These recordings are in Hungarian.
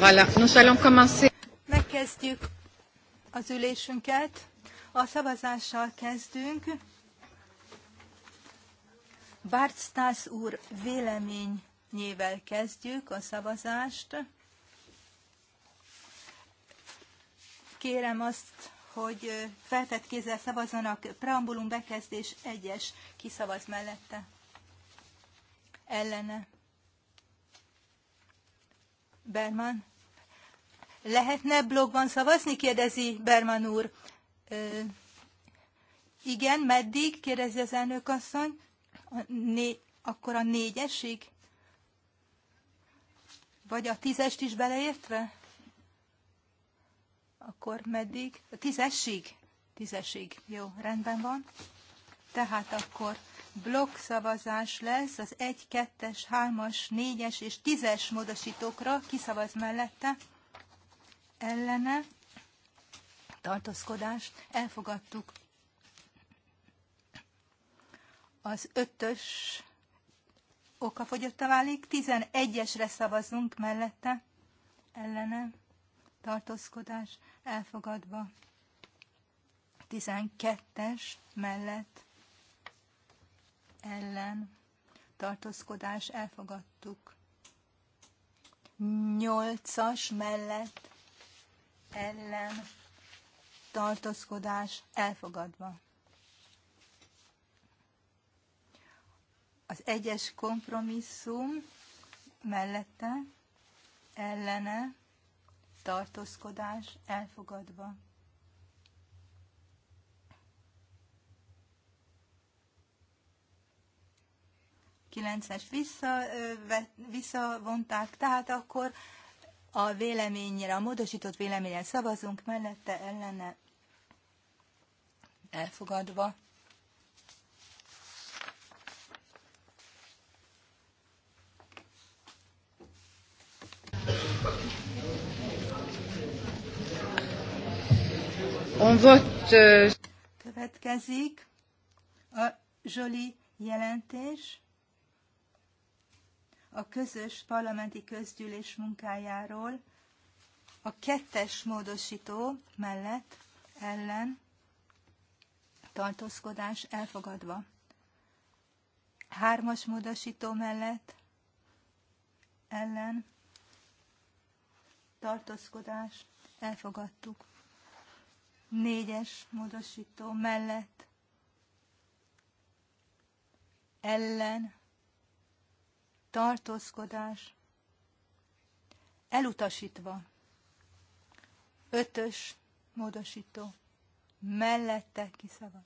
Voilà, nous allons commencer. Megkezdjük az ülésünket. A szavazással kezdünk. Bart úr véleményével kezdjük a szavazást. Kérem azt, hogy feltett kézzel szavazzanak preambulum bekezdés egyes kiszavaz mellette. Ellene. Berman Lehetne blogban szavazni? kérdezi Berman úr. Ö, igen, meddig? kérdezi az elnök asszony. A né, akkor a négyesig? Vagy a tízest is beleértve? Akkor meddig? A tízesig? Tízesig. Jó, rendben van. Tehát akkor blokk szavazás lesz az 1, 2-es, 3-as, 4-es és 10-es módosítókra. Kiszavaz mellette? ellene tartózkodást elfogadtuk. Az ötös okafogyottá válik, 11-esre szavazunk mellette, ellene tartózkodás elfogadva. 12-es mellett ellen tartózkodás elfogadtuk. 8-as mellett ellen tartózkodás elfogadva. Az egyes kompromisszum mellette ellene tartózkodás elfogadva. Kilences visszavonták, tehát akkor a véleményre, a módosított véleményre szavazunk, mellette ellene elfogadva. On vote. Euh, Következik a Zsoli jelentés a közös parlamenti közgyűlés munkájáról, a kettes módosító mellett ellen tartózkodás elfogadva. Hármas módosító mellett ellen tartózkodás elfogadtuk. Négyes módosító mellett ellen tartózkodás, elutasítva, ötös módosító, mellette kiszavaz,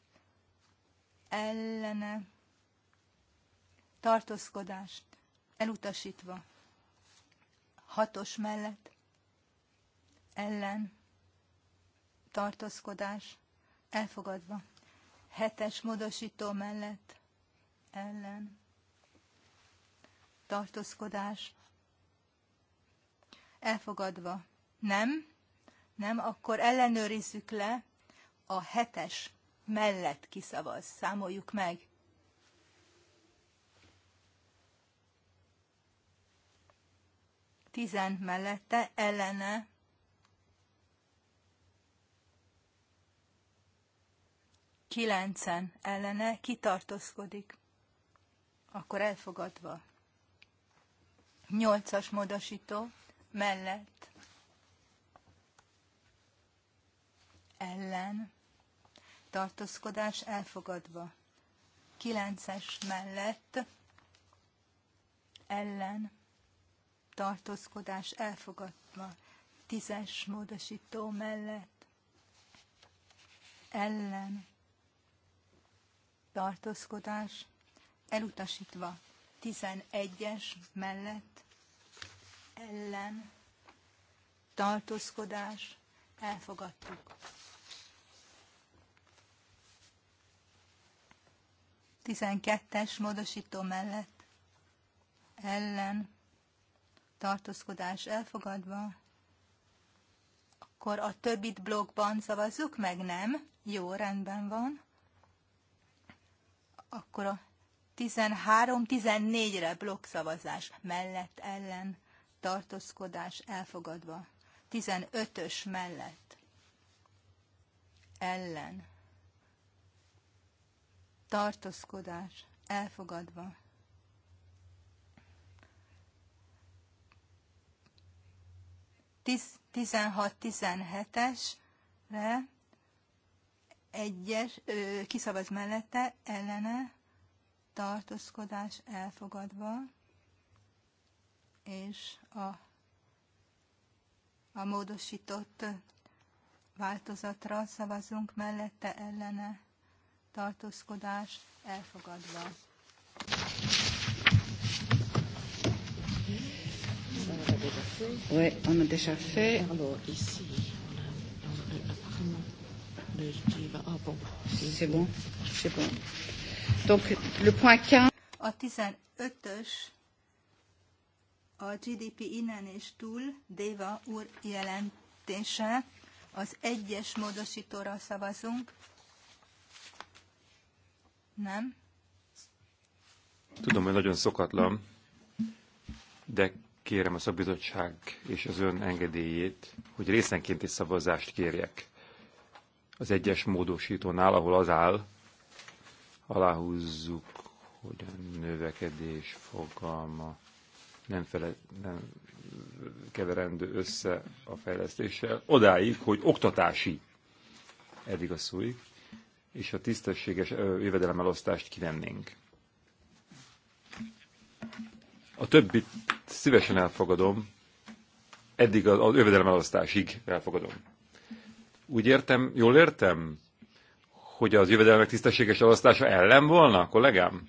ellene, tartózkodás, elutasítva, hatos mellett, ellen, tartózkodás, elfogadva, hetes módosító mellett, ellen, tartózkodás elfogadva. Nem? Nem? Akkor ellenőrizzük le a hetes mellett kiszavaz. Számoljuk meg. Tizen mellette ellene kilencen ellene kitartozkodik. akkor elfogadva. Nyolcas módosító mellett ellen tartózkodás elfogadva. Kilences mellett ellen tartózkodás elfogadva. Tízes módosító mellett ellen tartózkodás elutasítva. Tizenegyes mellett ellen tartózkodás elfogadtuk. Tizenkettes módosító mellett ellen tartózkodás elfogadva, akkor a többit blogban szavazzuk meg, nem? Jó, rendben van. Akkor a 13-14-re blokkszavazás mellett ellen tartózkodás elfogadva. 15-ös mellett ellen tartózkodás elfogadva. Tiz, 16-17-esre egyes ö, kiszavaz mellette ellene tartózkodás elfogadva és a, a módosított változatra szavazunk mellette ellene tartózkodás elfogadva. Oui, on a déjà fait. Alors ici, apparemment le qui va. Ah bon. C'est bon, c'est bon. Donc le point 15. A a GDP innen és túl Déva úr jelentése. Az egyes módosítóra szavazunk. Nem? Tudom, hogy nagyon szokatlan, de kérem a szakbizottság és az ön engedélyét, hogy egy szavazást kérjek az egyes módosítónál, ahol az áll, aláhúzzuk, hogy a növekedés fogalma nem, fele, nem keverendő össze a fejlesztéssel, odáig, hogy oktatási eddig a szóig, és a tisztességes jövedelemelosztást kivennénk. A többit szívesen elfogadom, eddig a, jövedelemelosztásig elfogadom. Úgy értem, jól értem, hogy az jövedelmek tisztességes elosztása ellen volna, kollégám?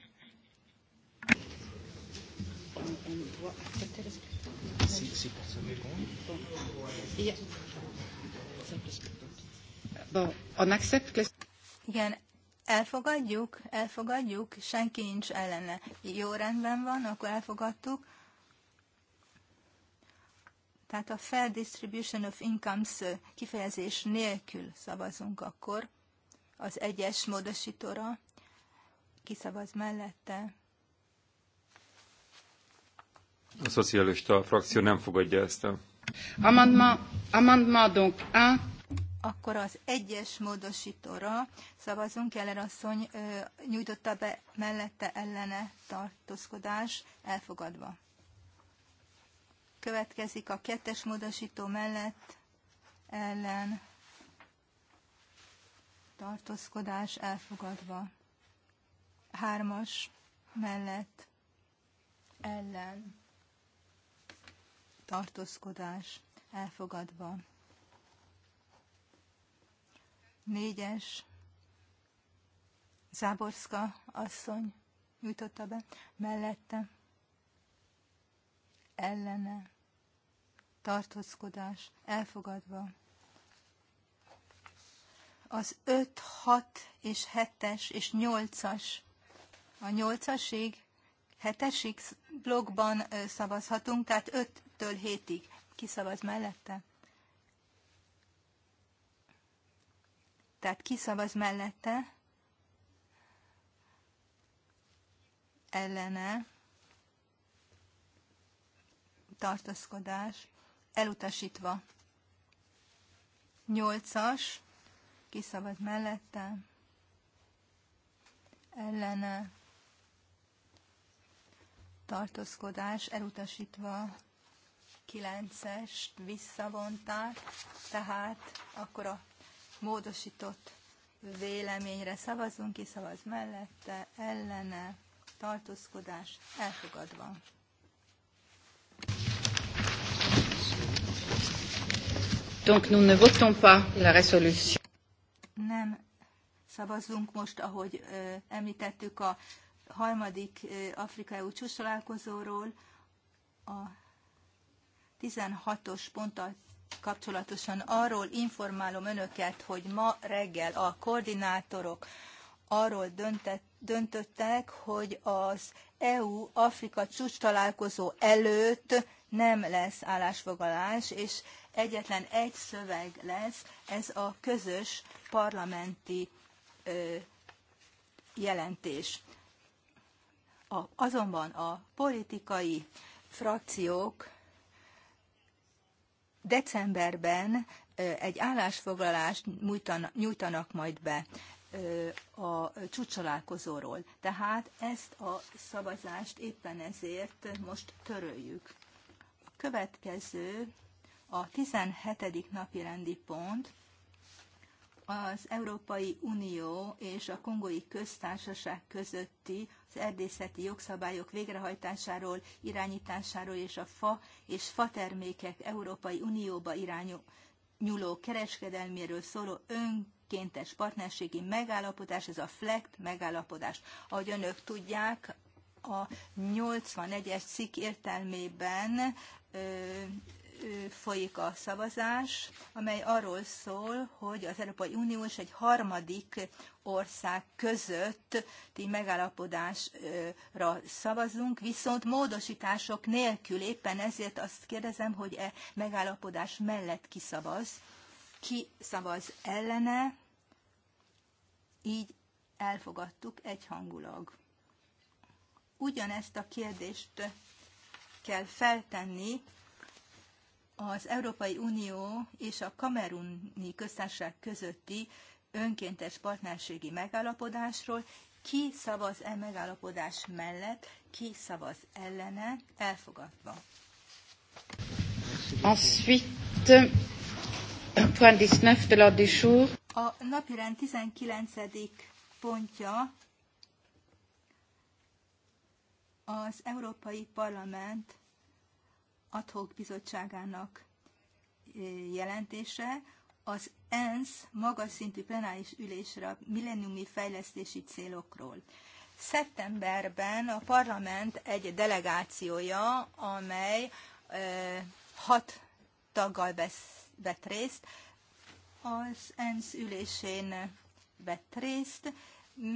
Igen, elfogadjuk, elfogadjuk, senki nincs ellene. Jó rendben van, akkor elfogadtuk. Tehát a fair distribution of incomes kifejezés nélkül szavazunk akkor az egyes módosítóra. Kiszavaz mellette. A szocialista frakció nem fogadja ezt a... Amendement, amendement donc 1 akkor az egyes módosítóra szavazunk, Eller asszony nyújtotta be mellette ellene tartózkodás elfogadva. Következik a kettes módosító mellett ellen tartózkodás elfogadva. Hármas mellett ellen tartózkodás elfogadva négyes Záborszka asszony jutotta be mellette, ellene tartózkodás elfogadva. Az öt, hat és hetes és nyolcas, a nyolcasig, hetesig blogban szavazhatunk, tehát öttől hétig kiszavaz mellette. Tehát ki szavaz mellette? Ellene. Tartaszkodás. Elutasítva. Nyolcas. Ki szavaz mellette? Ellene. Tartózkodás. Elutasítva. 9-est visszavonták, tehát akkor a módosított véleményre szavazunk, ki szavaz mellette, ellene, tartózkodás elfogadva. Donc nous ne votons pas la résolution. Nem szavazunk most, ahogy ö, említettük a harmadik afrikai csúcs találkozóról, a 16-os ponttal kapcsolatosan arról informálom önöket, hogy ma reggel a koordinátorok arról döntett, döntöttek, hogy az EU-Afrika csúcs találkozó előtt nem lesz állásfoglalás, és egyetlen egy szöveg lesz, ez a közös parlamenti ö, jelentés. A, azonban a politikai frakciók Decemberben egy állásfoglalást nyújtanak majd be a csúcsalálkozóról. Tehát ezt a szavazást éppen ezért most töröljük. A következő a 17. napi rendi pont, az Európai Unió és a Kongói Köztársaság közötti az erdészeti jogszabályok végrehajtásáról, irányításáról és a fa és fatermékek Európai Unióba irányuló kereskedelméről szóló önkéntes partnerségi megállapodás, ez a FLECT megállapodás. Ahogy önök tudják, a 81-es cikk értelmében ö, folyik a szavazás, amely arról szól, hogy az Európai Unió és egy harmadik ország közötti megállapodásra szavazunk, viszont módosítások nélkül éppen ezért azt kérdezem, hogy e megállapodás mellett ki szavaz, ki szavaz ellene, így elfogadtuk egyhangulag. Ugyanezt a kérdést kell feltenni az Európai Unió és a Kameruni Köztársaság közötti önkéntes partnerségi megállapodásról, ki szavaz e megállapodás mellett, ki szavaz ellene, elfogadva. Ensuite, point 19 de l'ordre du jour. A napirend 19. pontja az Európai Parlament adhok bizottságának eh, jelentése az ENSZ magas szintű plenáris ülésre a milleniumi fejlesztési célokról. Szeptemberben a parlament egy delegációja, amely eh, hat taggal vett részt, az ENSZ ülésén vett részt,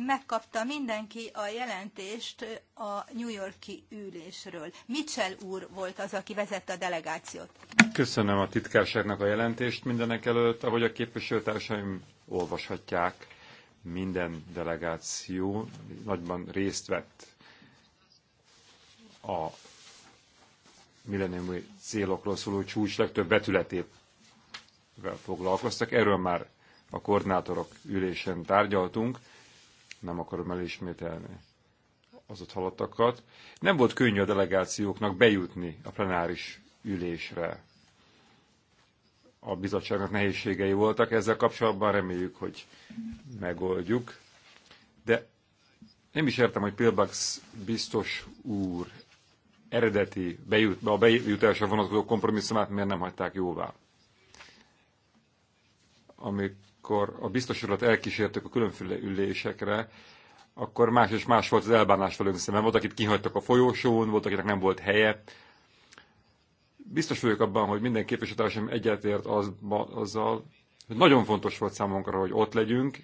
megkapta mindenki a jelentést a New Yorki ülésről. Mitchell úr volt az, aki vezette a delegációt. Köszönöm a titkárságnak a jelentést mindenek előtt. Ahogy a képviselőtársaim olvashatják, minden delegáció nagyban részt vett a milleniumi célokról szóló csúcs legtöbb betületével foglalkoztak. Erről már a koordinátorok ülésen tárgyaltunk nem akarom elismételni az ott halottakat. Nem volt könnyű a delegációknak bejutni a plenáris ülésre. A bizottságnak nehézségei voltak ezzel kapcsolatban, reméljük, hogy megoldjuk. De nem is értem, hogy Pilbax biztos úr eredeti bejut, a bejutásra vonatkozó kompromisszumát miért nem hagyták jóvá. Amik amikor a biztos urat elkísértük a különféle ülésekre, akkor más és más volt az elbánás velünk szemben. Volt, akit kihagytak a folyósón, volt, akinek nem volt helye. Biztos vagyok abban, hogy minden képviselőtársam egyetért az, azzal, hogy nagyon fontos volt számunkra, hogy ott legyünk,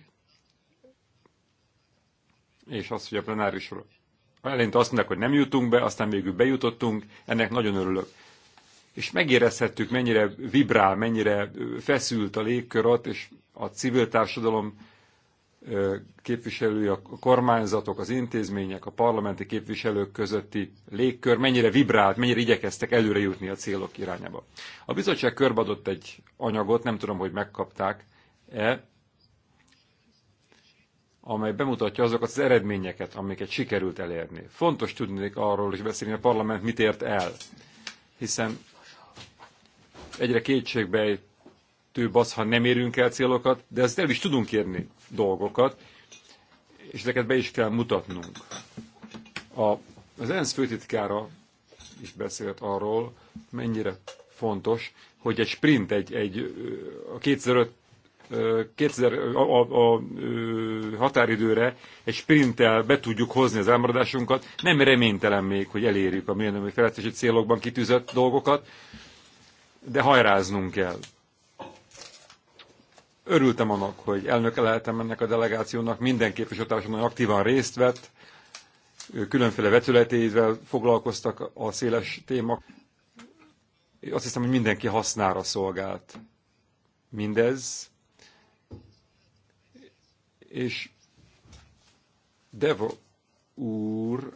és az, hogy a plenárisról eleinte azt mondják, hogy nem jutunk be, aztán végül bejutottunk, ennek nagyon örülök. És megérezhettük, mennyire vibrál, mennyire feszült a légkör ott, és a civil társadalom képviselői, a kormányzatok, az intézmények, a parlamenti képviselők közötti légkör mennyire vibrált, mennyire igyekeztek előre jutni a célok irányába. A bizottság körbadott egy anyagot, nem tudom, hogy megkapták-e, amely bemutatja azokat az eredményeket, amiket sikerült elérni. Fontos tudni arról is beszélni, a parlament mit ért el, hiszen egyre kétségbejt több az, ha nem érünk el célokat, de ezt el is tudunk érni dolgokat, és ezeket be is kell mutatnunk. A, az ENSZ főtitkára is beszélt arról, mennyire fontos, hogy egy sprint, egy, egy a 2005 2000, a, a, a határidőre egy sprinttel be tudjuk hozni az elmaradásunkat. Nem reménytelen még, hogy elérjük a mérnömi felettesi célokban kitűzött dolgokat, de hajráznunk kell. Örültem annak, hogy elnöke lehetem ennek a delegációnak, minden képviselőtársam nagyon aktívan részt vett, különféle vetületével foglalkoztak a széles témak. Azt hiszem, hogy mindenki hasznára szolgált mindez, és Devo úr,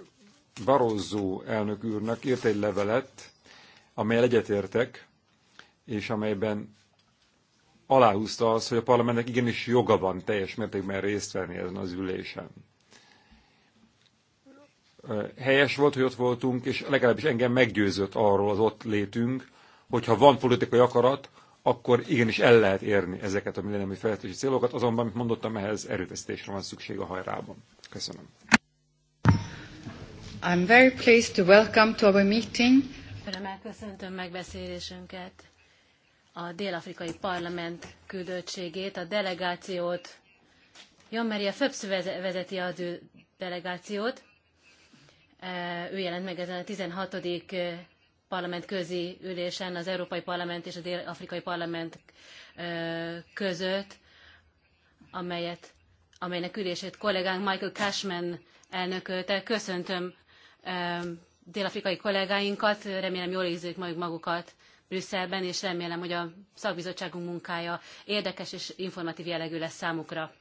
Barozó elnök úrnak írt egy levelet, amelyel egyetértek, és amelyben aláhúzta az, hogy a parlamentnek igenis joga van teljes mértékben részt venni ezen az ülésen. Helyes volt, hogy ott voltunk, és legalábbis engem meggyőzött arról az ott létünk, hogyha van politikai akarat, akkor igenis el lehet érni ezeket a millenniumi fejlesztési célokat, azonban, amit mondottam, ehhez erőfeszítésre van szükség a hajrában. Köszönöm. I'm very pleased to welcome to our meeting. Örömmel köszöntöm megbeszélésünket a dél-afrikai parlament küldöttségét, a delegációt. Jan Maria Föpsz vezeti az ő delegációt. E, ő jelent meg ezen a 16. E, parlament közi ülésen az Európai Parlament és a Dél-Afrikai Parlament e, között, amelyet, amelynek ülését kollégánk Michael Cashman elnökölte. Köszöntöm dél-afrikai kollégáinkat, remélem jól érzik majd magukat Brüsszelben, és remélem, hogy a szakbizottságunk munkája érdekes és informatív jellegű lesz számukra.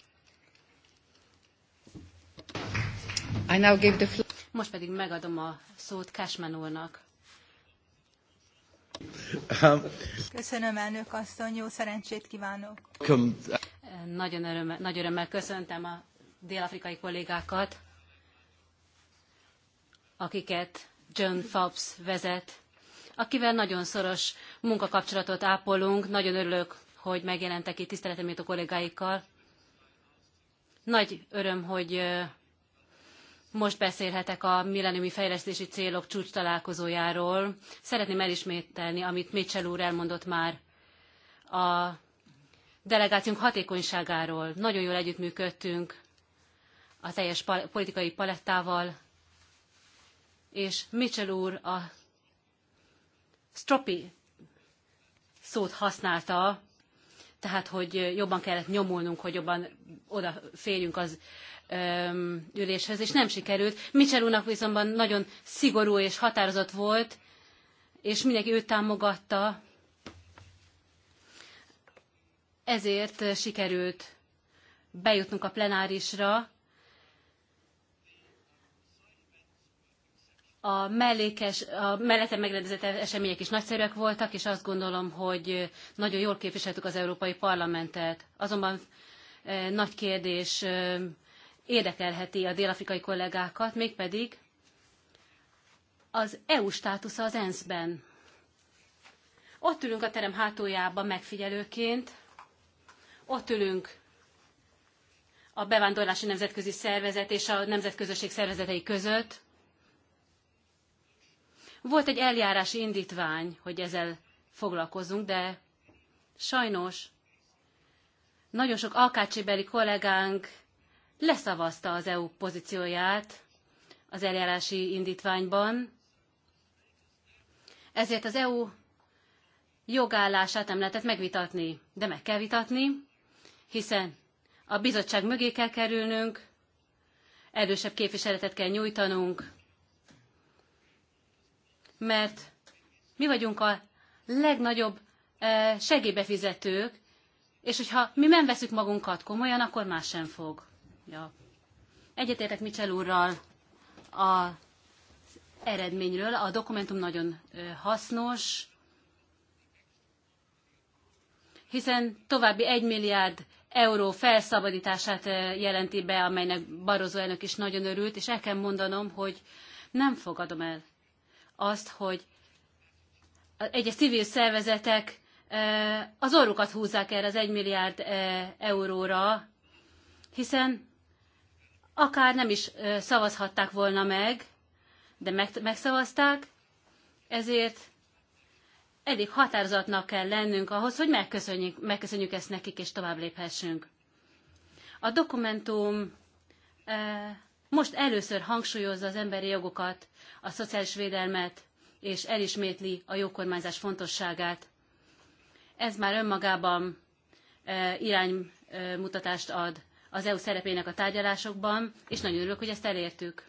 Most pedig megadom a szót Cashman úrnak. Um, Köszönöm, elnök asszony, jó szerencsét kívánok. Nagyon öröm, nagy örömmel köszöntem a dél-afrikai kollégákat, akiket John Fobbs vezet, akivel nagyon szoros munkakapcsolatot ápolunk. Nagyon örülök, hogy megjelentek itt tiszteletemért a kollégáikkal. Nagy öröm, hogy most beszélhetek a milleniumi fejlesztési célok csúcs találkozójáról. Szeretném elismételni, amit Mitchell úr elmondott már a delegációnk hatékonyságáról. Nagyon jól együttműködtünk a teljes politikai palettával, és Mitchell úr a stropi szót használta, tehát hogy jobban kellett nyomulnunk, hogy jobban odaférjünk az öm, üléshez, és nem sikerült. Mitchell úrnak viszont nagyon szigorú és határozott volt, és mindenki őt támogatta, ezért sikerült bejutnunk a plenárisra, a, mellékes, a mellette megrendezett események is nagyszerűek voltak, és azt gondolom, hogy nagyon jól képviseltük az Európai Parlamentet. Azonban e, nagy kérdés e, érdekelheti a délafrikai kollégákat, mégpedig az EU státusza az ENSZ-ben. Ott ülünk a terem hátuljában megfigyelőként, ott ülünk a bevándorlási nemzetközi szervezet és a nemzetközösség szervezetei között, volt egy eljárási indítvány, hogy ezzel foglalkozunk, de sajnos nagyon sok alkácsébeli kollégánk leszavazta az EU pozícióját az eljárási indítványban, ezért az EU jogállását nem lehetett megvitatni, de meg kell vitatni, hiszen a bizottság mögé kell kerülnünk, erősebb képviseletet kell nyújtanunk, mert mi vagyunk a legnagyobb e, segélybefizetők, és hogyha mi nem veszük magunkat komolyan, akkor más sem fog. Ja. Egyetértek Michel úrral az eredményről. A dokumentum nagyon e, hasznos, hiszen további egy milliárd euró felszabadítását e, jelenti be, amelynek Barozó elnök is nagyon örült, és el kell mondanom, hogy nem fogadom el azt, hogy egyes civil szervezetek az orrukat húzzák erre az egymilliárd euróra, hiszen akár nem is szavazhatták volna meg, de megszavazták, ezért elég határozatnak kell lennünk ahhoz, hogy megköszönjük, megköszönjük ezt nekik, és tovább léphessünk. A dokumentum most először hangsúlyozza az emberi jogokat, a szociális védelmet, és elismétli a jókormányzás fontosságát. Ez már önmagában e, iránymutatást ad az EU szerepének a tárgyalásokban, és nagyon örülök, hogy ezt elértük.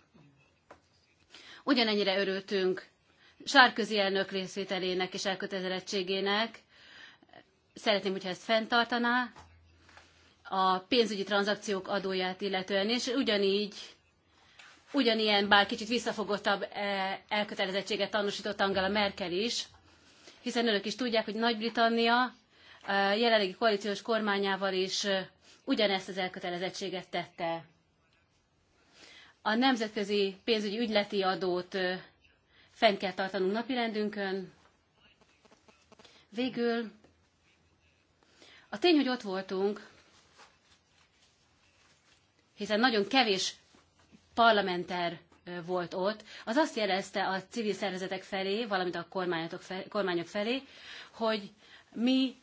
Ugyanennyire örültünk Sárközi elnök részvételének és elkötelezettségének. Szeretném, hogyha ezt fenntartaná a pénzügyi tranzakciók adóját illetően, és ugyanígy ugyanilyen, bár kicsit visszafogottabb e, elkötelezettséget tanúsított Angela Merkel is, hiszen önök is tudják, hogy Nagy-Britannia e, jelenlegi koalíciós kormányával is e, ugyanezt az elkötelezettséget tette. A nemzetközi pénzügyi ügyleti adót fenn kell tartanunk napirendünkön. Végül a tény, hogy ott voltunk, hiszen nagyon kevés parlamenter volt ott, az azt jelezte a civil szervezetek felé, valamint a kormányok felé, hogy mi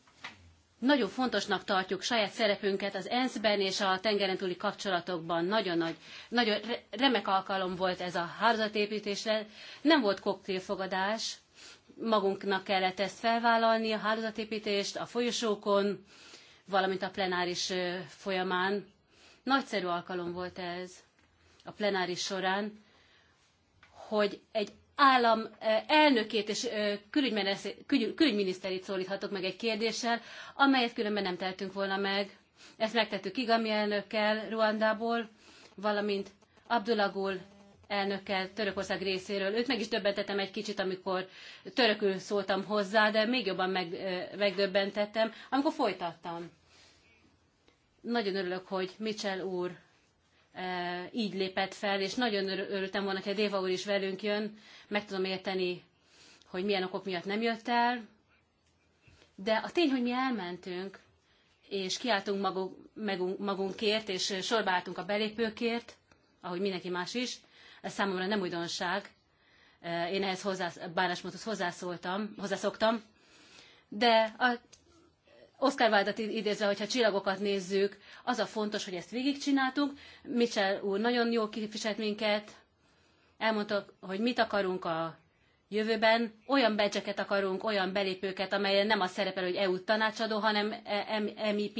nagyon fontosnak tartjuk saját szerepünket az ENSZ-ben és a tengeren túli kapcsolatokban. Nagyon nagy, nagyon remek alkalom volt ez a hálózatépítésre. Nem volt koktélfogadás, magunknak kellett ezt felvállalni, a hálózatépítést a folyosókon, valamint a plenáris folyamán. Nagyszerű alkalom volt ez a plenáris során, hogy egy állam eh, elnökét és eh, külügyminiszterét szólíthatok meg egy kérdéssel, amelyet különben nem tehetünk volna meg. Ezt megtettük Igami elnökkel Ruandából, valamint Abdulagul elnökkel Törökország részéről. Őt meg is döbbentettem egy kicsit, amikor törökül szóltam hozzá, de még jobban meg, eh, megdöbbentettem, amikor folytattam. Nagyon örülök, hogy Mitchell úr E, így lépett fel, és nagyon örültem volna, hogy a Déva úr is velünk jön, meg tudom érteni, hogy milyen okok miatt nem jött el, de a tény, hogy mi elmentünk, és kiálltunk magunk, magunk, magunkért, és sorba álltunk a belépőkért, ahogy mindenki más is, ez számomra nem újdonság. E, én ehhez hozzá, bánásmódhoz hozzászóltam, hozzászoktam, de a Oscar Wilde-t idézve, hogyha csillagokat nézzük, az a fontos, hogy ezt végigcsináltuk. Mitchell úr nagyon jól képviselt minket, elmondta, hogy mit akarunk a jövőben. Olyan bedzseket akarunk, olyan belépőket, amelyen nem az szerepel, hogy EU tanácsadó, hanem e- MEP.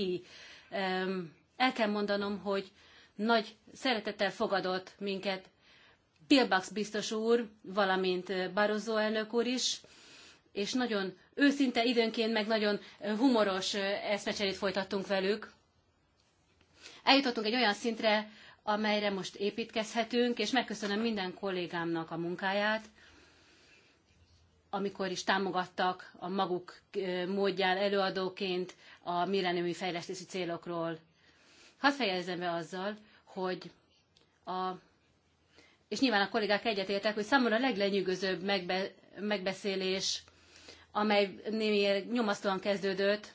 El kell mondanom, hogy nagy szeretettel fogadott minket Bill Bax biztos úr, valamint Barroso elnök úr is, és nagyon őszinte időnként, meg nagyon humoros eszmecserét folytattunk velük. Eljutottunk egy olyan szintre, amelyre most építkezhetünk, és megköszönöm minden kollégámnak a munkáját, amikor is támogattak a maguk módján előadóként a millenniumi fejlesztési célokról. Hadd fejezem be azzal, hogy a, és nyilván a kollégák egyetértek, hogy számomra a leglenyűgözőbb megbe, megbeszélés amely némi nyomasztóan kezdődött.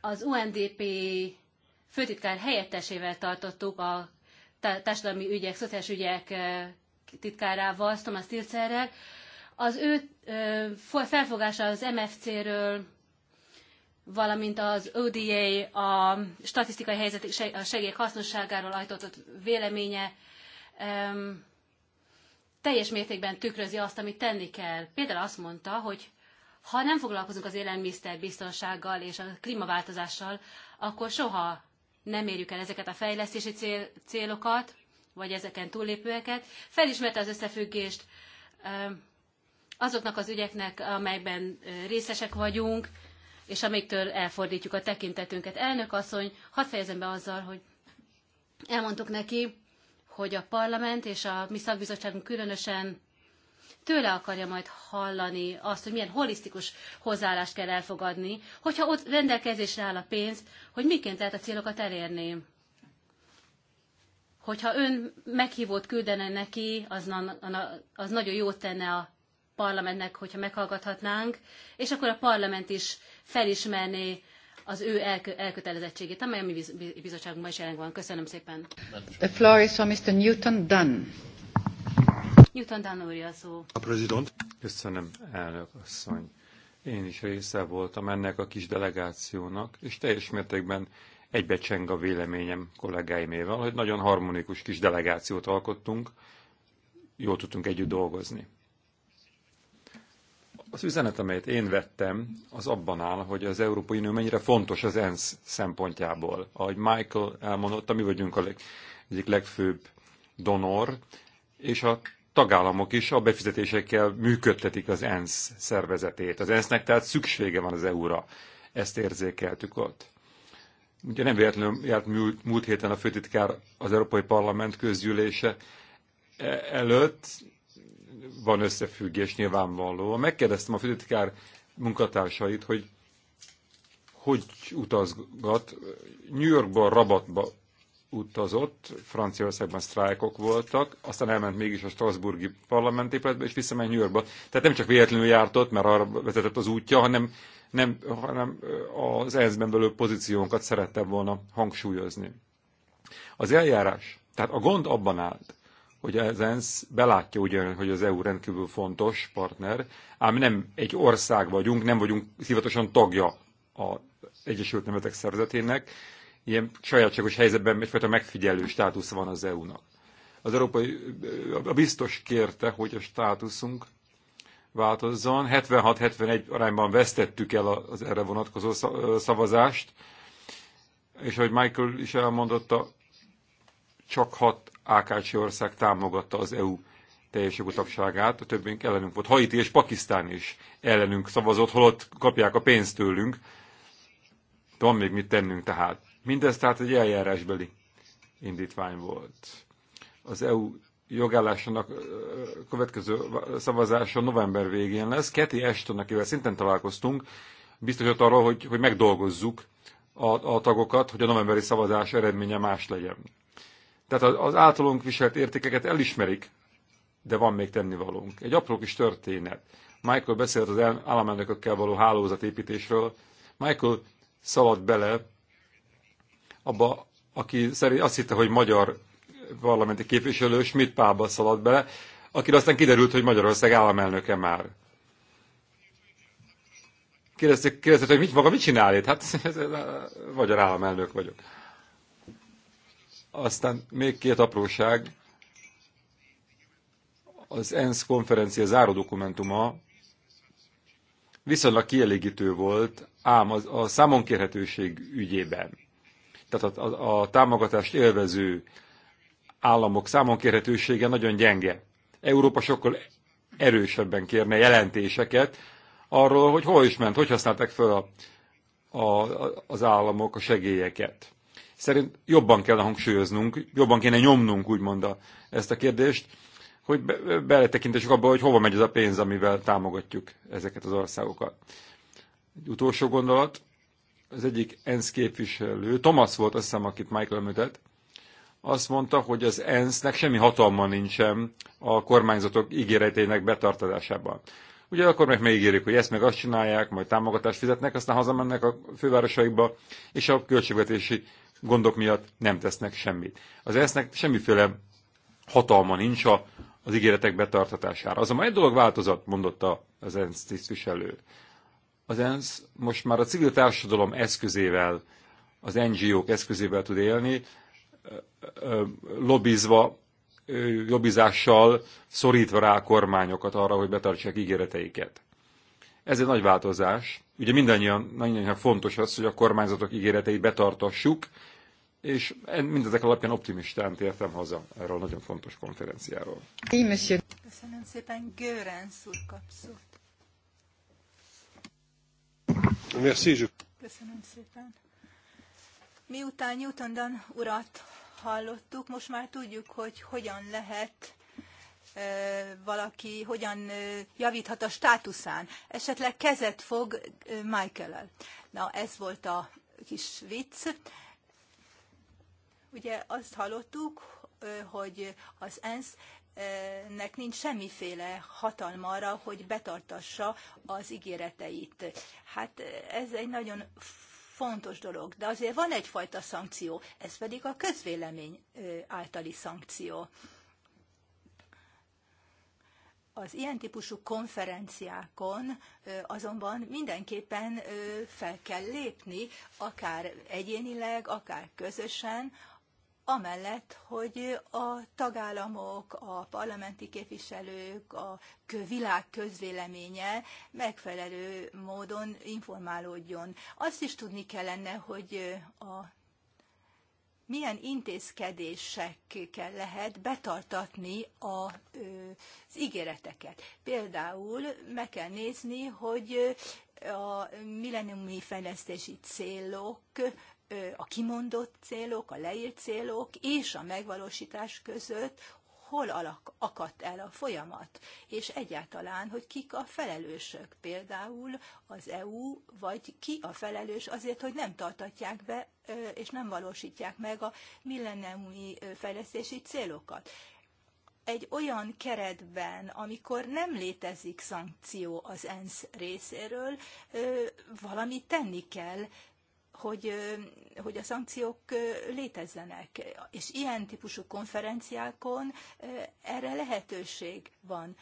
Az UNDP főtitkár helyettesével tartottuk a társadalmi ügyek, szociális ügyek eh, titkárával, Thomas Tilcerrel. Az ő eh, felfogása az MFC-ről, valamint az ODA, a statisztikai helyzet, a segélyek hasznosságáról ajtott véleménye, teljes mértékben tükrözi azt, amit tenni kell. Például azt mondta, hogy ha nem foglalkozunk az biztonsággal és a klímaváltozással, akkor soha nem érjük el ezeket a fejlesztési cél, célokat, vagy ezeken túllépőeket. Felismerte az összefüggést ehm, azoknak az ügyeknek, amelyben részesek vagyunk, és amiktől elfordítjuk a tekintetünket. Elnök asszony, hadd fejezem be azzal, hogy elmondtuk neki, hogy a parlament és a mi szakbizottságunk különösen tőle akarja majd hallani azt, hogy milyen holisztikus hozzáállást kell elfogadni, hogyha ott rendelkezésre áll a pénz, hogy miként lehet a célokat elérni. Hogyha ön meghívót küldene neki, az, na, az nagyon jót tenne a parlamentnek, hogyha meghallgathatnánk, és akkor a parlament is felismerné az ő elkö, elkötelezettségét, amely a mi bizottságunkban is jelen van. Köszönöm szépen. The floor is for Mr. Newton Dunn. Newton Dunn úr a szó. A prezident. Köszönöm, elnök asszony. Én is része voltam ennek a kis delegációnak, és teljes mértékben egybecseng a véleményem kollégáimével, hogy nagyon harmonikus kis delegációt alkottunk, jól tudtunk együtt dolgozni. Az üzenet, amelyet én vettem, az abban áll, hogy az Európai Unió mennyire fontos az ENSZ szempontjából. Ahogy Michael elmondotta, mi vagyunk a leg, egyik legfőbb donor, és a tagállamok is a befizetésekkel működtetik az ENSZ szervezetét. Az ENSZ-nek tehát szüksége van az EU-ra. Ezt érzékeltük ott. Ugye nem véletlenül járt múlt, múlt héten a főtitkár az Európai Parlament közgyűlése e- előtt, van összefüggés nyilvánvaló. Megkérdeztem a főtitkár munkatársait, hogy hogy utazgat. New Yorkban Rabatba utazott, Franciaországban sztrájkok voltak, aztán elment mégis a Strasburgi parlamentépületbe, és visszament New Yorkba. Tehát nem csak véletlenül járt ott, mert arra vezetett az útja, hanem, nem, hanem az ENSZ-ben belül pozíciónkat szerette volna hangsúlyozni. Az eljárás, tehát a gond abban állt, hogy az ENSZ belátja ugyan, hogy az EU rendkívül fontos partner, ám nem egy ország vagyunk, nem vagyunk hivatalosan tagja az Egyesült Nemzetek Szervezetének, ilyen sajátságos helyzetben egyfajta megfigyelő státusz van az EU-nak. Az európai, a biztos kérte, hogy a státuszunk változzon. 76-71 arányban vesztettük el az erre vonatkozó szavazást, és ahogy Michael is elmondotta, csak hat Ákácsi ország támogatta az EU teljes jogú a többünk ellenünk volt. Haiti és Pakisztán is ellenünk szavazott, holott kapják a pénzt tőlünk. De van még mit tennünk tehát. Mindez tehát egy eljárásbeli indítvány volt. Az EU jogállásának következő szavazása november végén lesz. Keti Eston, akivel szintén találkoztunk, biztosított arról, hogy, hogy megdolgozzuk a, a tagokat, hogy a novemberi szavazás eredménye más legyen. Tehát az általunk viselt értékeket elismerik, de van még tennivalónk. Egy apró kis történet. Michael beszélt az államelnökökkel való hálózatépítésről. Michael szaladt bele abba, aki szerint azt hitte, hogy magyar parlamenti képviselő Schmidt Pába szaladt bele, akire aztán kiderült, hogy Magyarország államelnöke már. Kérdezte, hogy mit maga mit csinál itt? Hát ez, ez, ez, magyar államelnök vagyok. Aztán még két apróság. Az ENSZ konferencia záró dokumentuma viszonylag kielégítő volt, ám a, a számonkérhetőség ügyében. Tehát a, a, a támogatást élvező államok számonkérhetősége nagyon gyenge. Európa sokkal erősebben kérne jelentéseket arról, hogy hol is ment, hogy használták fel a, a, az államok a segélyeket szerint jobban kell hangsúlyoznunk, jobban kéne nyomnunk, úgymond a, ezt a kérdést, hogy be, beletekintessük abba, hogy hova megy az a pénz, amivel támogatjuk ezeket az országokat. Egy utolsó gondolat, az egyik ENSZ képviselő, Thomas volt azt hiszem, akit Michael ömötett, azt mondta, hogy az ENSZ-nek semmi hatalma nincsen a kormányzatok ígéreteinek betartatásában. Ugye akkor meg megígérik, hogy ezt meg azt csinálják, majd támogatást fizetnek, aztán hazamennek a fővárosaikba, és a költségvetési gondok miatt nem tesznek semmit. Az esznek semmiféle hatalma nincs a, az ígéretek betartatására. Azonban egy dolog változott, mondotta az ENSZ tisztviselő. Az ENSZ most már a civil társadalom eszközével, az NGO-k eszközével tud élni, lobbizva, lobbizással szorítva rá a kormányokat arra, hogy betartsák ígéreteiket. Ez egy nagy változás. Ugye mindannyian, mindannyian fontos az, hogy a kormányzatok ígéreteit betartassuk, és mindezek alapján optimistán tértem haza erről a nagyon fontos konferenciáról. Köszönöm szépen, Görenc úr kapszott. Köszönöm szépen. Miután Newton Dan urat hallottuk, most már tudjuk, hogy hogyan lehet valaki hogyan javíthat a státuszán. Esetleg kezet fog Michael-el. Na, ez volt a kis vicc. Ugye azt hallottuk, hogy az ENSZ nek nincs semmiféle hatalma arra, hogy betartassa az ígéreteit. Hát ez egy nagyon fontos dolog, de azért van egyfajta szankció, ez pedig a közvélemény általi szankció. Az ilyen típusú konferenciákon azonban mindenképpen fel kell lépni, akár egyénileg, akár közösen, amellett, hogy a tagállamok, a parlamenti képviselők, a világ közvéleménye megfelelő módon informálódjon. Azt is tudni kellene, hogy a milyen intézkedésekkel lehet betartatni a, az ígéreteket. Például meg kell nézni, hogy a milleniumi fejlesztési célok a kimondott célok, a leírt célok és a megvalósítás között hol alak, akadt el a folyamat, és egyáltalán, hogy kik a felelősök, például az EU, vagy ki a felelős azért, hogy nem tartatják be és nem valósítják meg a millenniumi fejlesztési célokat. Egy olyan keretben, amikor nem létezik szankció az ENSZ részéről, valamit tenni kell, hogy, hogy a szankciók létezzenek. És ilyen típusú konferenciákon erre lehetőség van.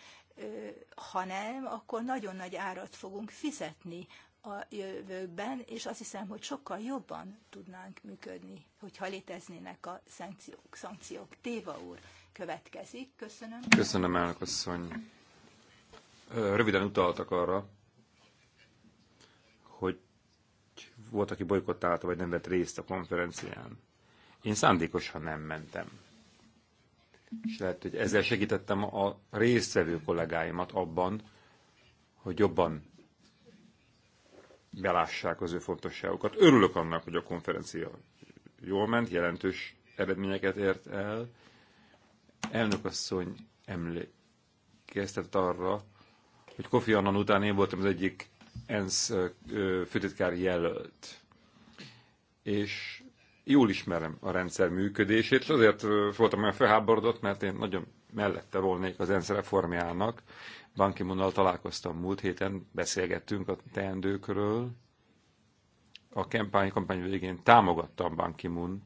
Ha nem, akkor nagyon nagy árat fogunk fizetni a jövőben, és azt hiszem, hogy sokkal jobban tudnánk működni, hogyha léteznének a szankciók. szankciók. Téva úr következik. Köszönöm. Köszönöm, elnök asszony. Röviden utaltak arra, hogy volt, aki bolykottálta, vagy nem vett részt a konferencián. Én szándékosan nem mentem. És lehet, hogy ezzel segítettem a résztvevő kollégáimat abban, hogy jobban belássák az ő fontosságukat. Örülök annak, hogy a konferencia jól ment, jelentős eredményeket ért el. Elnök asszony emlékeztet arra, hogy Kofi Annan után én voltam az egyik ENSZ főtitkár jelölt. És jól ismerem a rendszer működését, és azért voltam olyan felháborodott, mert én nagyon mellette volnék az ENSZ reformjának. Banki ki találkoztam múlt héten, beszélgettünk a teendőkről. A kampány, kampány végén támogattam Banki ki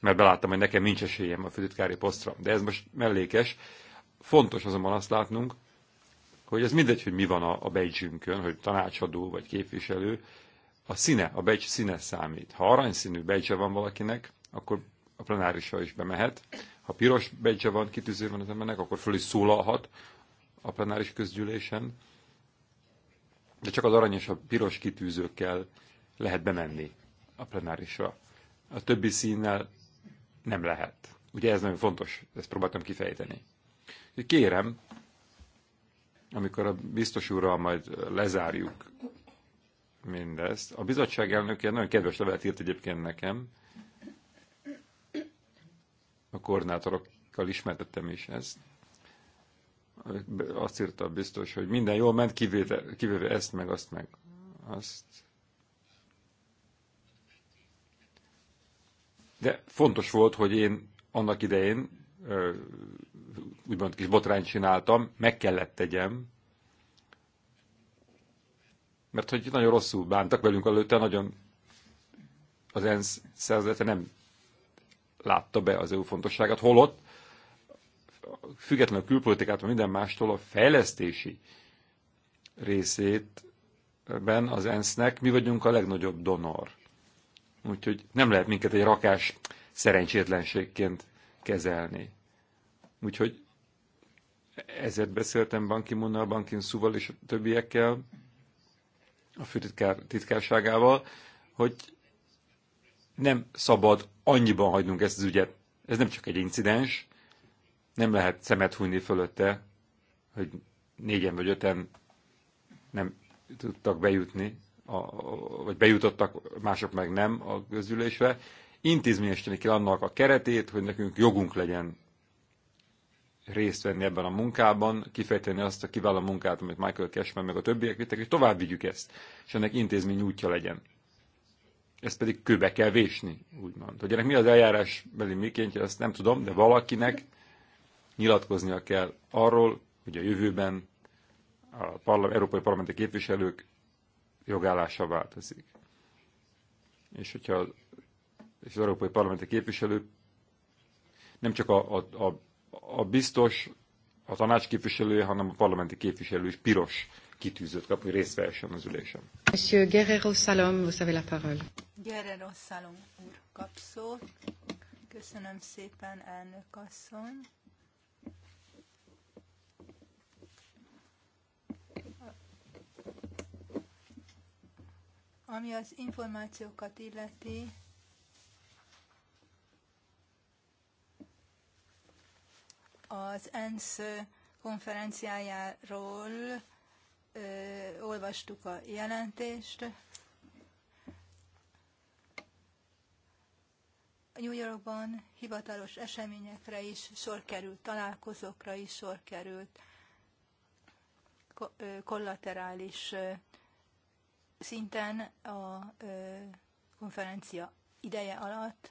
mert beláttam, hogy nekem nincs esélyem a főtitkári posztra. De ez most mellékes. Fontos azonban azt látnunk, hogy ez mindegy, hogy mi van a, a hogy tanácsadó vagy képviselő, a színe, a becs színe számít. Ha aranyszínű badge van valakinek, akkor a plenárisra is bemehet. Ha piros badge van, kitűző van az embernek, akkor föl is szólalhat a plenáris közgyűlésen. De csak az arany és a piros kitűzőkkel lehet bemenni a plenárisra. A többi színnel nem lehet. Ugye ez nagyon fontos, ezt próbáltam kifejteni. Kérem, amikor a biztos úrral majd lezárjuk mindezt. A bizottság elnöke nagyon kedves levelet írt egyébként nekem, a koordinátorokkal ismertettem is ezt. Azt írta biztos, hogy minden jól ment, kivéve ezt, meg azt, meg azt. De fontos volt, hogy én annak idején úgymond kis botrányt csináltam, meg kellett tegyem, mert hogy nagyon rosszul bántak velünk előtte, nagyon az ENSZ szerzete nem látta be az EU fontosságát, holott függetlenül a külpolitikától minden mástól a fejlesztési részét ben az ENSZ-nek mi vagyunk a legnagyobb donor. Úgyhogy nem lehet minket egy rakás szerencsétlenségként kezelni. Úgyhogy ezért beszéltem Banki Munnal, Bankin Szuval és a többiekkel, a főtitkár titkárságával, hogy nem szabad annyiban hagynunk ezt az ügyet. Ez nem csak egy incidens, nem lehet szemet hunyni fölötte, hogy négyen vagy öten nem tudtak bejutni, a, a, vagy bejutottak, mások meg nem a közgyűlésre. Intézményesíteni kell annak a keretét, hogy nekünk jogunk legyen részt venni ebben a munkában, kifejteni azt a kiváló munkát, amit Michael Cashman meg a többiek vittek, hogy tovább vigyük ezt, és ennek intézmény útja legyen. Ezt pedig kőbe kell vésni, úgymond. Hogy ennek mi az eljárásbeli mikéntje, azt nem tudom, de valakinek nyilatkoznia kell arról, hogy a jövőben a parlament, európai parlamenti képviselők jogállása változik. És hogyha és az európai parlamenti képviselők nem csak a, a, a a biztos, a tanács képviselője, hanem a parlamenti képviselő is piros kitűzött kap, hogy részt vehessen az ülésen. Monsieur Guerrero Salom, vous avez la parole. Guerrero Salom úr kap szót. Köszönöm szépen, elnök asszony. Ami az információkat illeti, az ENSZ konferenciájáról ö, olvastuk a jelentést. New Yorkban hivatalos eseményekre is sor került, találkozókra is sor került, kollaterális szinten a konferencia ideje alatt,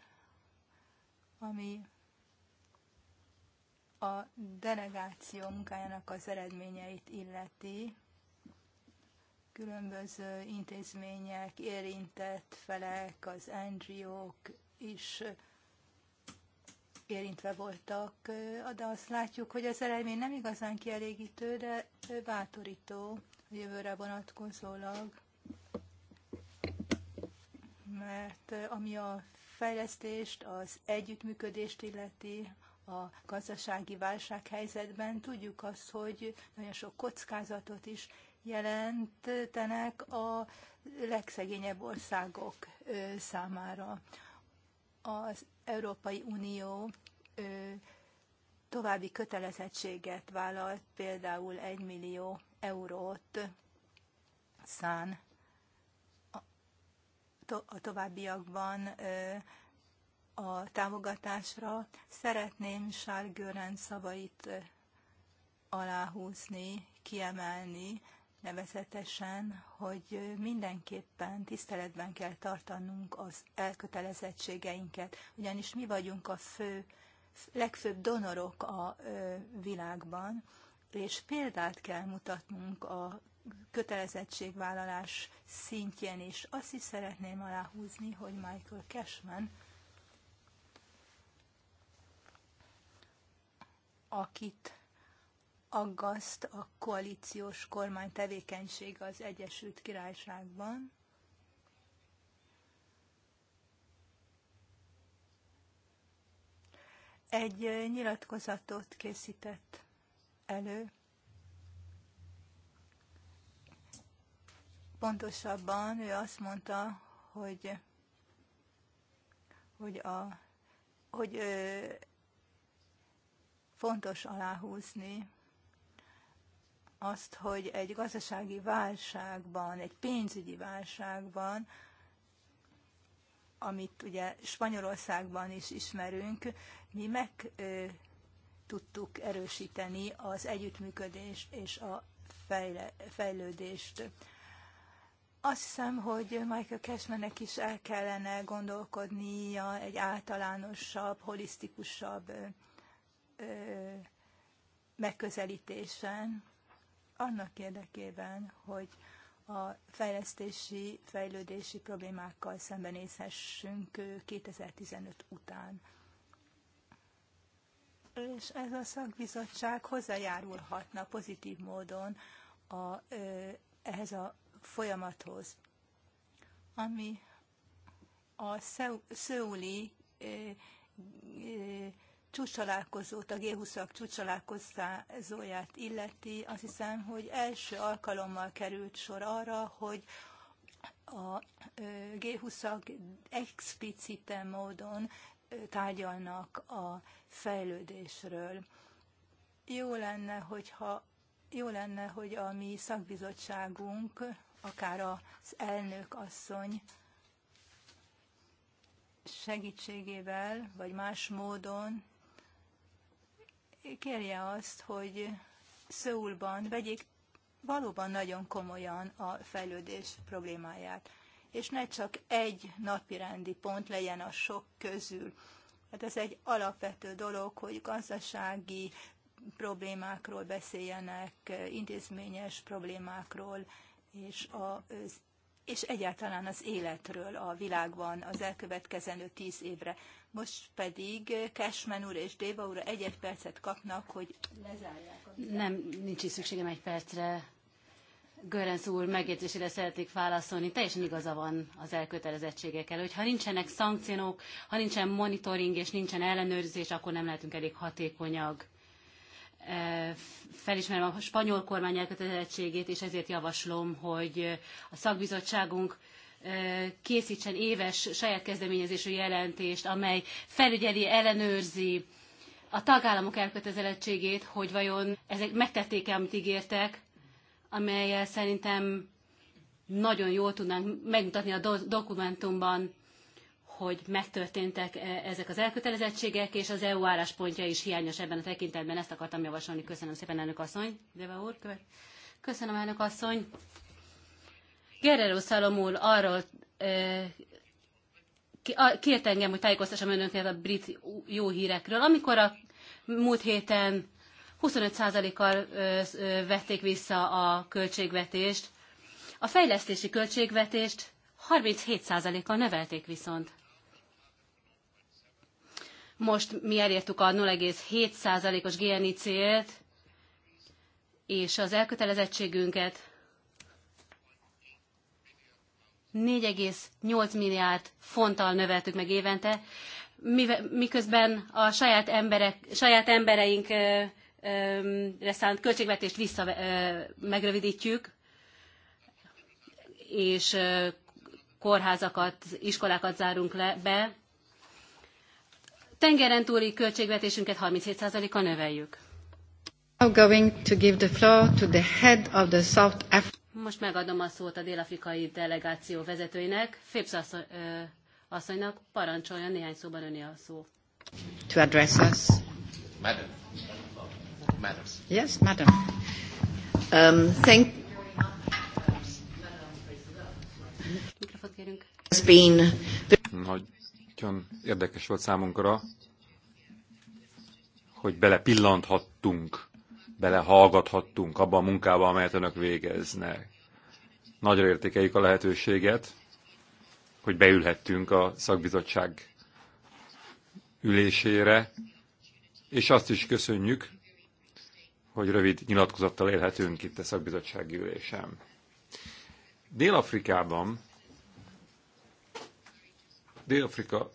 ami a delegáció munkájának az eredményeit illeti, különböző intézmények, érintett felek, az NGO-k is érintve voltak, de azt látjuk, hogy az eredmény nem igazán kielégítő, de bátorító a jövőre vonatkozólag, mert ami a fejlesztést, az együttműködést illeti, a gazdasági válsághelyzetben tudjuk azt, hogy nagyon sok kockázatot is jelentenek a legszegényebb országok számára. Az Európai Unió további kötelezettséget vállalt, például 1 millió eurót szán a továbbiakban a támogatásra. Szeretném Charles Gören szavait eh, aláhúzni, kiemelni, nevezetesen, hogy mindenképpen tiszteletben kell tartanunk az elkötelezettségeinket, ugyanis mi vagyunk a fő, legfőbb donorok a világban, és példát kell mutatnunk a kötelezettségvállalás szintjén is. Azt is szeretném aláhúzni, hogy Michael Cashman akit aggaszt a koalíciós kormány tevékenysége az Egyesült Királyságban. Egy nyilatkozatot készített elő, pontosabban ő azt mondta, hogy, hogy, a, hogy Fontos aláhúzni azt, hogy egy gazdasági válságban, egy pénzügyi válságban, amit ugye Spanyolországban is ismerünk, mi meg ö, tudtuk erősíteni az együttműködést és a fejle, fejlődést. Azt hiszem, hogy Michael Cashmannek is el kellene gondolkodnia egy általánosabb, holisztikusabb megközelítésen annak érdekében, hogy a fejlesztési, fejlődési problémákkal szembenézhessünk 2015 után. És ez a szakbizottság hozzájárulhatna pozitív módon a, ehhez a folyamathoz, ami a szeu, csúcsalálkozót, a G20-ak csúcsalálkozóját illeti, azt hiszem, hogy első alkalommal került sor arra, hogy a G20-ak explicite módon tárgyalnak a fejlődésről. Jó lenne, hogyha jó lenne, hogy a mi szakbizottságunk, akár az elnök asszony segítségével, vagy más módon kérje azt, hogy Szöulban vegyék valóban nagyon komolyan a fejlődés problémáját, és ne csak egy napirendi pont legyen a sok közül. Hát ez egy alapvető dolog, hogy gazdasági problémákról beszéljenek, intézményes problémákról, és, a, és egyáltalán az életről a világban az elkövetkezendő tíz évre. Most pedig Cashman úr és Déva úr egy-egy percet kapnak, hogy lezárják. Nem, nincs is szükségem egy percre. Görenc úr megjegyzésére szeretnék válaszolni. Teljesen igaza van az elkötelezettségekkel, hogy ha nincsenek szankciók, ha nincsen monitoring és nincsen ellenőrzés, akkor nem lehetünk elég hatékonyak. E, felismerem a spanyol kormány elkötelezettségét, és ezért javaslom, hogy a szakbizottságunk készítsen éves saját kezdeményezésű jelentést, amely felügyeli, ellenőrzi a tagállamok elkötelezettségét, hogy vajon ezek megtették-e, amit ígértek, amelyel szerintem nagyon jól tudnánk megmutatni a dokumentumban, hogy megtörténtek -e ezek az elkötelezettségek, és az EU álláspontja is hiányos ebben a tekintetben. Ezt akartam javasolni. Köszönöm szépen, elnök asszony. úr, követ. Köszönöm, elnök asszony. Gerrero Salomul arról kért engem, hogy tájékoztassam önöket a brit jó hírekről. Amikor a múlt héten 25%-kal vették vissza a költségvetést, a fejlesztési költségvetést 37%-kal növelték viszont. Most mi elértük a 0,7%-os GNI célt, és az elkötelezettségünket 4,8 milliárd fonttal növeltük meg évente, miközben a saját, emberek, saját embereinkre szánt költségvetést vissza megrövidítjük, és kórházakat, iskolákat zárunk le, be. Tengeren túli költségvetésünket 37%-kal növeljük. Now going to give the floor to the head of the South Africa. Most megadom a szót a dél-afrikai delegáció vezetőinek, Phipps asszonynak, parancsoljon néhány szóban öné a szó. To address us. Madam. Madam. Yes, madam. Um, thank It's been... Nagyon érdekes volt számunkra, hogy belepillanthattunk belehallgathattunk abba a munkába, amelyet önök végeznek. Nagyra értékeljük a lehetőséget, hogy beülhettünk a szakbizottság ülésére, és azt is köszönjük, hogy rövid nyilatkozattal élhetünk itt a szakbizottsági ülésem. Dél-Afrikában Dél-Afrika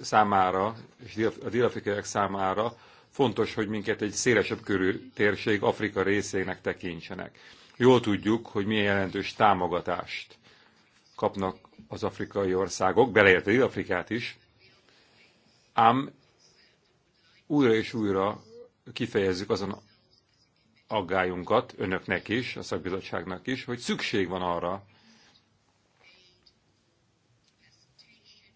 számára, és a dél-afrikaiak számára fontos, hogy minket egy szélesebb körű térség Afrika részének tekintsenek. Jól tudjuk, hogy milyen jelentős támogatást kapnak az afrikai országok, beleértve Afrikát is, ám újra és újra kifejezzük azon aggályunkat, önöknek is, a szakbizottságnak is, hogy szükség van arra,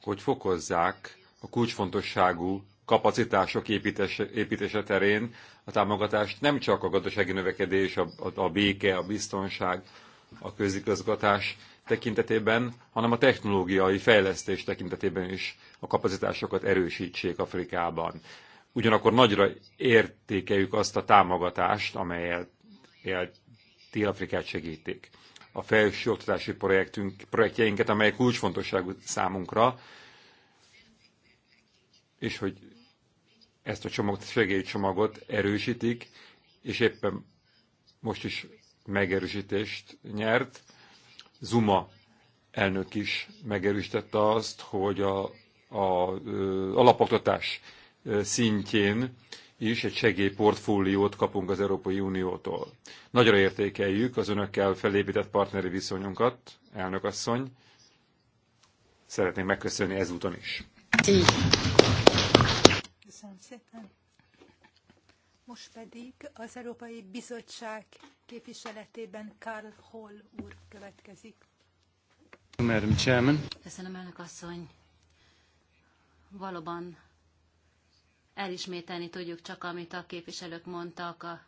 hogy fokozzák a kulcsfontosságú kapacitások építése, építése terén a támogatást nem csak a gazdasági növekedés, a, a, a béke, a biztonság, a közigazgatás tekintetében, hanem a technológiai fejlesztés tekintetében is a kapacitásokat erősítsék Afrikában. Ugyanakkor nagyra értékeljük azt a támogatást, amelyet tél afrikát segítik. A oktatási projektünk, projektjeinket, amely kulcsfontosságú számunkra, és hogy ezt a csomagot, segélycsomagot erősítik, és éppen most is megerősítést nyert. Zuma elnök is megerősítette azt, hogy a, a, a alapoktatás szintjén is egy segélyportfóliót kapunk az Európai Uniótól. Nagyra értékeljük az önökkel felépített partneri viszonyunkat, elnök asszony. Szeretném megköszönni ezúton is. Így. Köszönöm szépen. Most pedig az Európai Bizottság képviseletében Karl Hall úr következik. Madam Chairman. Köszönöm, elnök asszony. Valóban elismételni tudjuk csak, amit a képviselők mondtak a,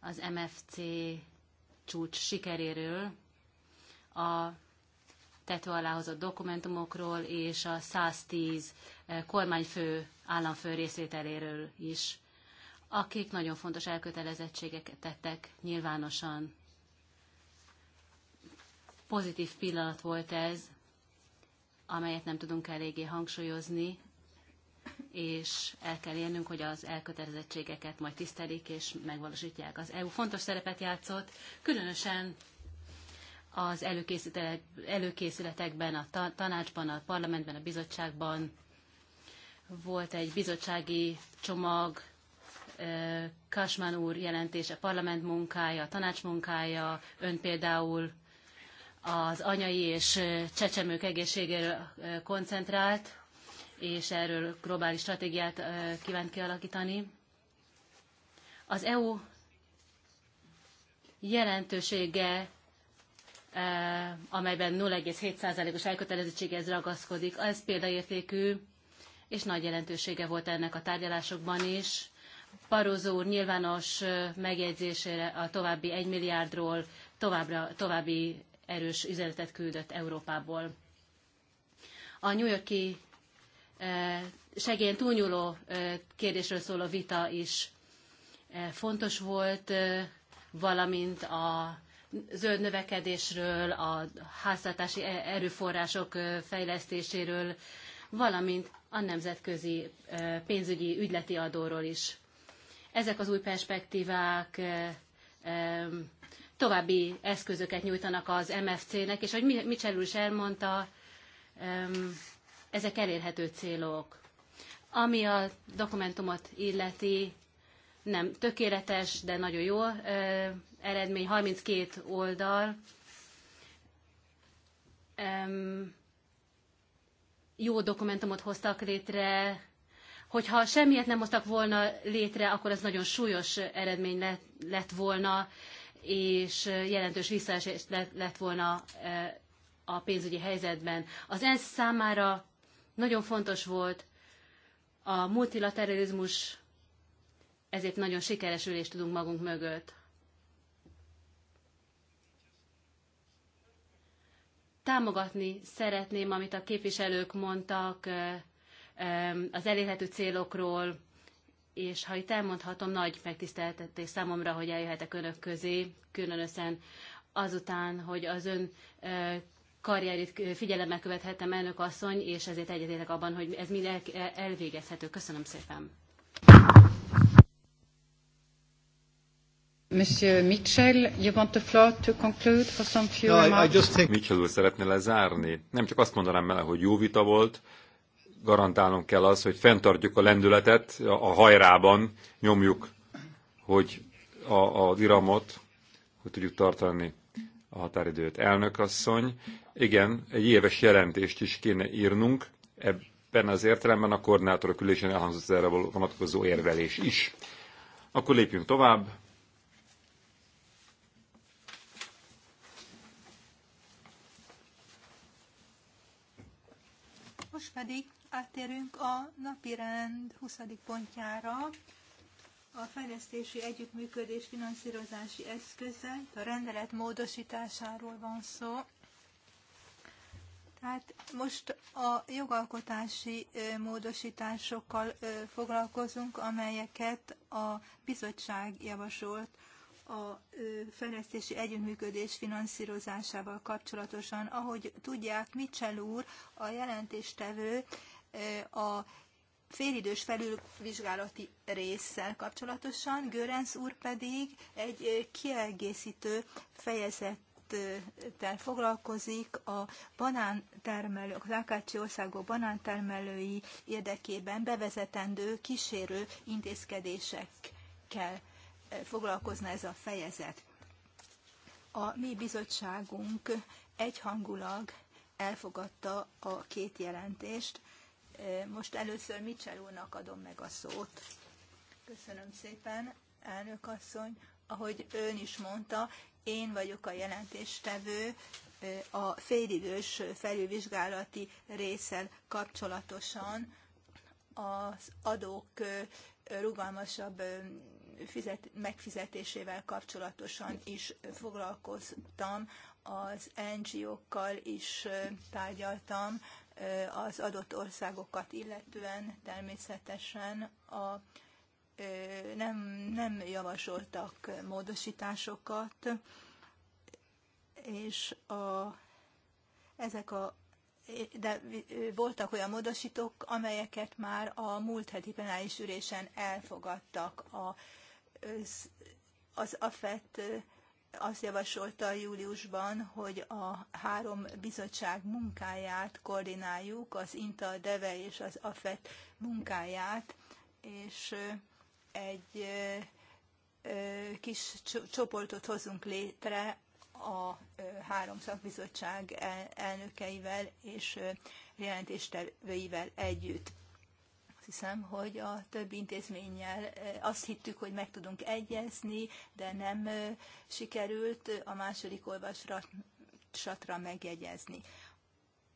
az MFC csúcs sikeréről, a tető alá hozott dokumentumokról és a 110 kormányfő, államfő részvételéről is, akik nagyon fontos elkötelezettségeket tettek nyilvánosan. Pozitív pillanat volt ez, amelyet nem tudunk eléggé hangsúlyozni, és el kell érnünk, hogy az elkötelezettségeket majd tisztelik és megvalósítják. Az EU fontos szerepet játszott, különösen az előkészületekben, a tanácsban, a parlamentben, a bizottságban, volt egy bizottsági csomag, Kasman úr jelentése, parlament munkája, tanács munkája, ön például az anyai és csecsemők egészségéről koncentrált, és erről globális stratégiát kívánt kialakítani. Az EU jelentősége, amelyben 0,7%-os elkötelezettséghez ragaszkodik, az példaértékű és nagy jelentősége volt ennek a tárgyalásokban is. Barózó úr nyilvános megjegyzésére a további 1 milliárdról továbbra, további erős üzenetet küldött Európából. A New Yorki segélyen túlnyúló kérdésről szóló vita is fontos volt, valamint a zöld növekedésről, a háztartási erőforrások fejlesztéséről valamint a nemzetközi pénzügyi ügyleti adóról is. Ezek az új perspektívák további eszközöket nyújtanak az MFC-nek, és ahogy Michel úr is elmondta, ezek elérhető célok. Ami a dokumentumot illeti, nem tökéletes, de nagyon jó eredmény, 32 oldal jó dokumentumot hoztak létre. Hogyha semmiet nem hoztak volna létre, akkor ez nagyon súlyos eredmény lett volna, és jelentős visszaesés lett volna e, a pénzügyi helyzetben. Az ENSZ számára nagyon fontos volt a multilateralizmus, ezért nagyon sikeres ülést tudunk magunk mögött. Támogatni szeretném, amit a képviselők mondtak az elérhető célokról, és ha itt elmondhatom, nagy megtiszteltetés számomra, hogy eljöhetek önök közé, különösen azután, hogy az ön karrierit figyelemmel követhettem elnök asszony, és ezért egyetértek abban, hogy ez mind elvégezhető. Köszönöm szépen. Monsieur Mitchell, you want the floor to conclude for some few no, remarks? I, I just think... Mitchell úr lezárni. Nem csak azt mondanám el, hogy jó vita volt, garantálnom kell az, hogy fenntartjuk a lendületet, a hajrában nyomjuk, hogy a, az iramot, hogy tudjuk tartani a határidőt. Elnök asszony, igen, egy éves jelentést is kéne írnunk, ebben az értelemben a koordinátorok ülésen elhangzott erre vonatkozó érvelés is. Akkor lépjünk tovább. pedig áttérünk a napirend 20. pontjára, a fejlesztési együttműködés finanszírozási eszköze, a rendelet módosításáról van szó. Tehát most a jogalkotási módosításokkal foglalkozunk, amelyeket a bizottság javasolt a fejlesztési együttműködés finanszírozásával kapcsolatosan. Ahogy tudják, Mitchell úr, a jelentéstevő a félidős felülvizsgálati résszel kapcsolatosan, Görenc úr pedig egy kiegészítő fejezet foglalkozik a banántermelő, az Ákácsi országok banántermelői érdekében bevezetendő kísérő intézkedésekkel foglalkozna ez a fejezet. A mi bizottságunk egyhangulag elfogadta a két jelentést. E, most először Mitchell úrnak adom meg a szót. Köszönöm szépen, elnök asszony. Ahogy ön is mondta, én vagyok a jelentéstevő e, a félidős felülvizsgálati részsel kapcsolatosan az adók e, rugalmasabb fizet, megfizetésével kapcsolatosan is foglalkoztam, az NGO-kkal is tárgyaltam, az adott országokat illetően természetesen a, nem, nem javasoltak módosításokat, és a, ezek a de voltak olyan módosítók, amelyeket már a múlt heti penális ülésen elfogadtak a az AFET azt javasolta júliusban, hogy a három bizottság munkáját koordináljuk, az INTA, DEVE és az AFET munkáját, és egy kis csoportot hozunk létre a három szakbizottság elnökeivel és jelentéstevőivel együtt. Azt hiszem, hogy a több intézménnyel eh, azt hittük, hogy meg tudunk egyezni, de nem eh, sikerült a második olvasatra megjegyezni.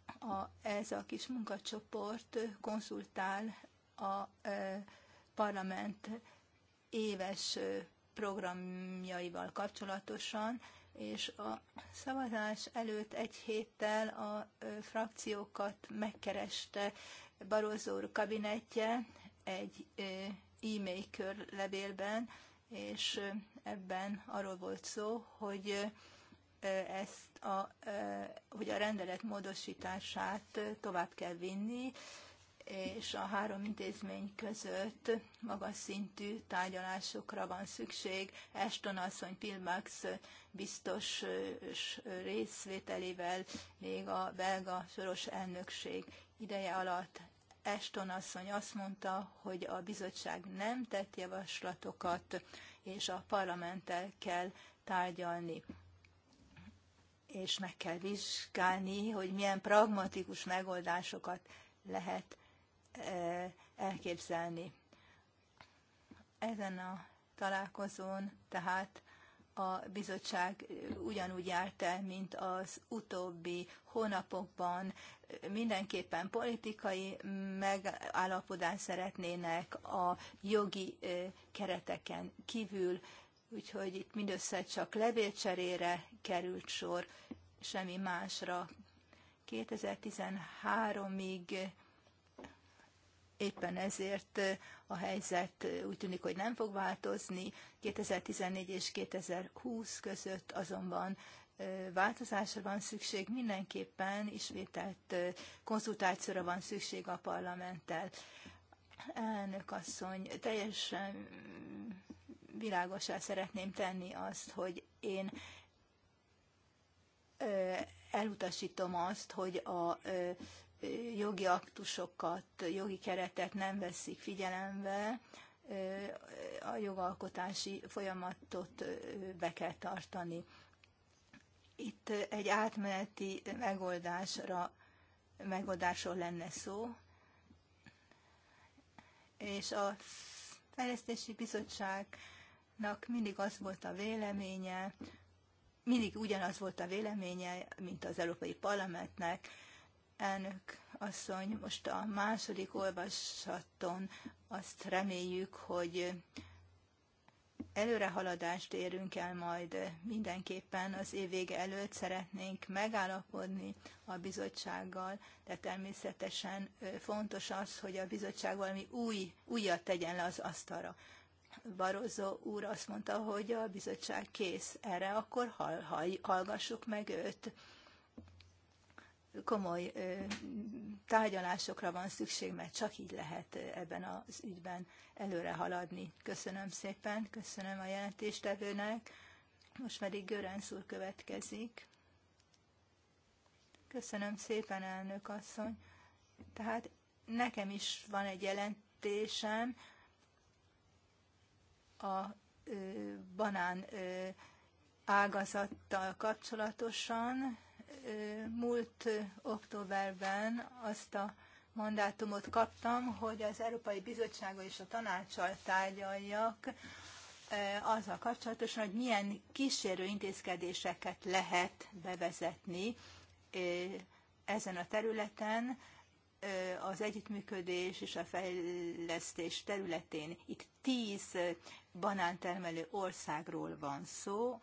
A, ez a kis munkacsoport konzultál a eh, parlament éves programjaival kapcsolatosan, és a szavazás előtt egy héttel a frakciókat megkereste Barozó úr kabinetje egy e-mail körlevélben, és ebben arról volt szó, hogy ezt a, hogy a rendelet módosítását tovább kell vinni, és a három intézmény között magas szintű tárgyalásokra van szükség. Eston asszony Pilmax biztos részvételével még a belga soros elnökség ideje alatt Eston asszony azt mondta, hogy a bizottság nem tett javaslatokat, és a parlamenttel kell tárgyalni és meg kell vizsgálni, hogy milyen pragmatikus megoldásokat lehet e, elképzelni. Ezen a találkozón tehát a bizottság ugyanúgy járt el, mint az utóbbi hónapokban, mindenképpen politikai megállapodást szeretnének a jogi kereteken kívül, úgyhogy itt mindössze csak levélcserére került sor, semmi másra. 2013-ig éppen ezért a helyzet úgy tűnik, hogy nem fog változni. 2014 és 2020 között azonban változásra van szükség, mindenképpen ismételt konzultációra van szükség a parlamenttel. Elnök asszony, teljesen világosá szeretném tenni azt, hogy én elutasítom azt, hogy a jogi aktusokat, jogi keretet nem veszik figyelembe, a jogalkotási folyamatot be kell tartani. Itt egy átmeneti megoldásra, megoldásról lenne szó, és a Fejlesztési Bizottságnak mindig az volt a véleménye, mindig ugyanaz volt a véleménye, mint az Európai Parlamentnek, elnök asszony, most a második olvasaton azt reméljük, hogy előrehaladást érünk el majd mindenképpen az év vége előtt szeretnénk megállapodni a bizottsággal, de természetesen fontos az, hogy a bizottság valami új, újat tegyen le az asztalra. Barozó úr azt mondta, hogy a bizottság kész erre, akkor hall, hall, hallgassuk meg őt komoly tárgyalásokra van szükség, mert csak így lehet ebben az ügyben előre haladni. Köszönöm szépen, köszönöm a jelentéstevőnek. Most pedig Görenc úr következik. Köszönöm szépen, elnök asszony. Tehát nekem is van egy jelentésem a ö, banán ö, ágazattal kapcsolatosan múlt októberben azt a mandátumot kaptam, hogy az Európai Bizottsága és a tanácssal tárgyaljak azzal kapcsolatosan, hogy milyen kísérő intézkedéseket lehet bevezetni ezen a területen, az együttműködés és a fejlesztés területén. Itt tíz banántermelő országról van szó,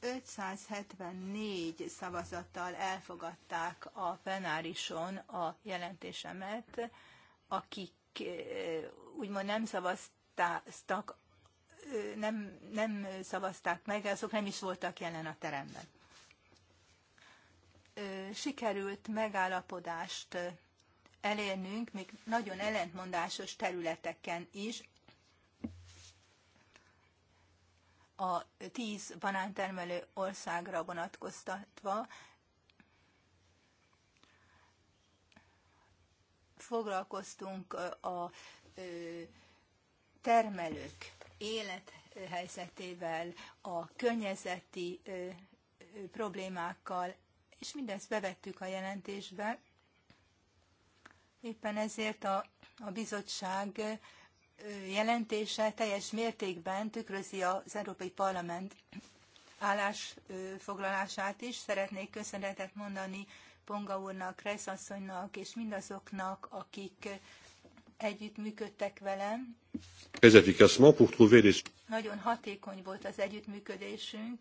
574 szavazattal elfogadták a plenárison a jelentésemet, akik úgymond nem szavaztak, nem, nem szavazták meg, azok nem is voltak jelen a teremben. Sikerült megállapodást elérnünk még nagyon ellentmondásos területeken is, a tíz banántermelő országra vonatkoztatva foglalkoztunk a termelők élethelyzetével, a környezeti problémákkal, és mindezt bevettük a jelentésbe. Éppen ezért a, a bizottság jelentése teljes mértékben tükrözi az Európai Parlament állásfoglalását is. Szeretnék köszönetet mondani Ponga úrnak, Kressz asszonynak és mindazoknak, akik együttműködtek velem. Nagyon hatékony volt az együttműködésünk,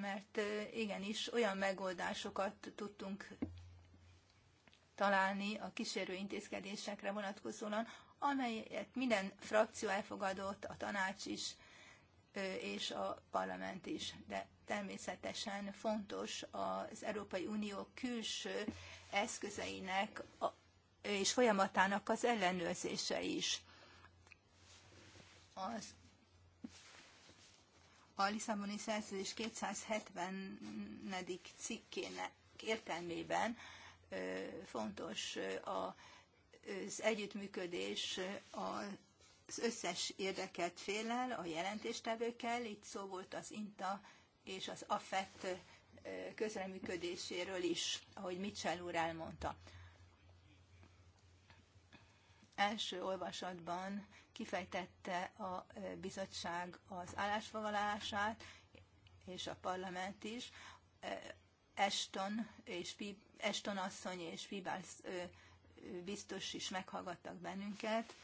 mert igenis olyan megoldásokat tudtunk találni a kísérő intézkedésekre vonatkozóan, amelyet minden frakció elfogadott, a tanács is, és a parlament is. De természetesen fontos az Európai Unió külső eszközeinek és folyamatának az ellenőrzése is. Az a Lisszaboni szerződés 270. cikkének értelmében fontos a az együttműködés az összes érdekelt félel, a jelentéstevőkkel, itt szó volt az INTA és az AFET közreműködéséről is, ahogy Mitchell úr elmondta. Első olvasatban kifejtette a bizottság az állásfoglalását, és a parlament is. Eston, és, Eston asszony és Fibász biztos is meghallgattak bennünket,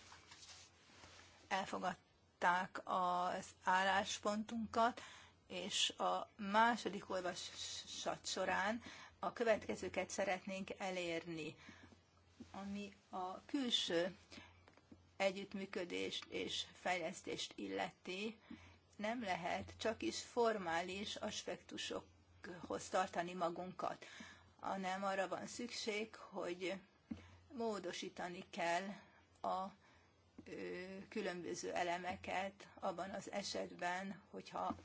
elfogadták az álláspontunkat, és a második olvasat során a következőket szeretnénk elérni, ami a külső együttműködést és fejlesztést illeti, nem lehet csak is formális aspektusokhoz tartani magunkat, hanem arra van szükség, hogy módosítani kell a különböző elemeket abban az esetben, hogyha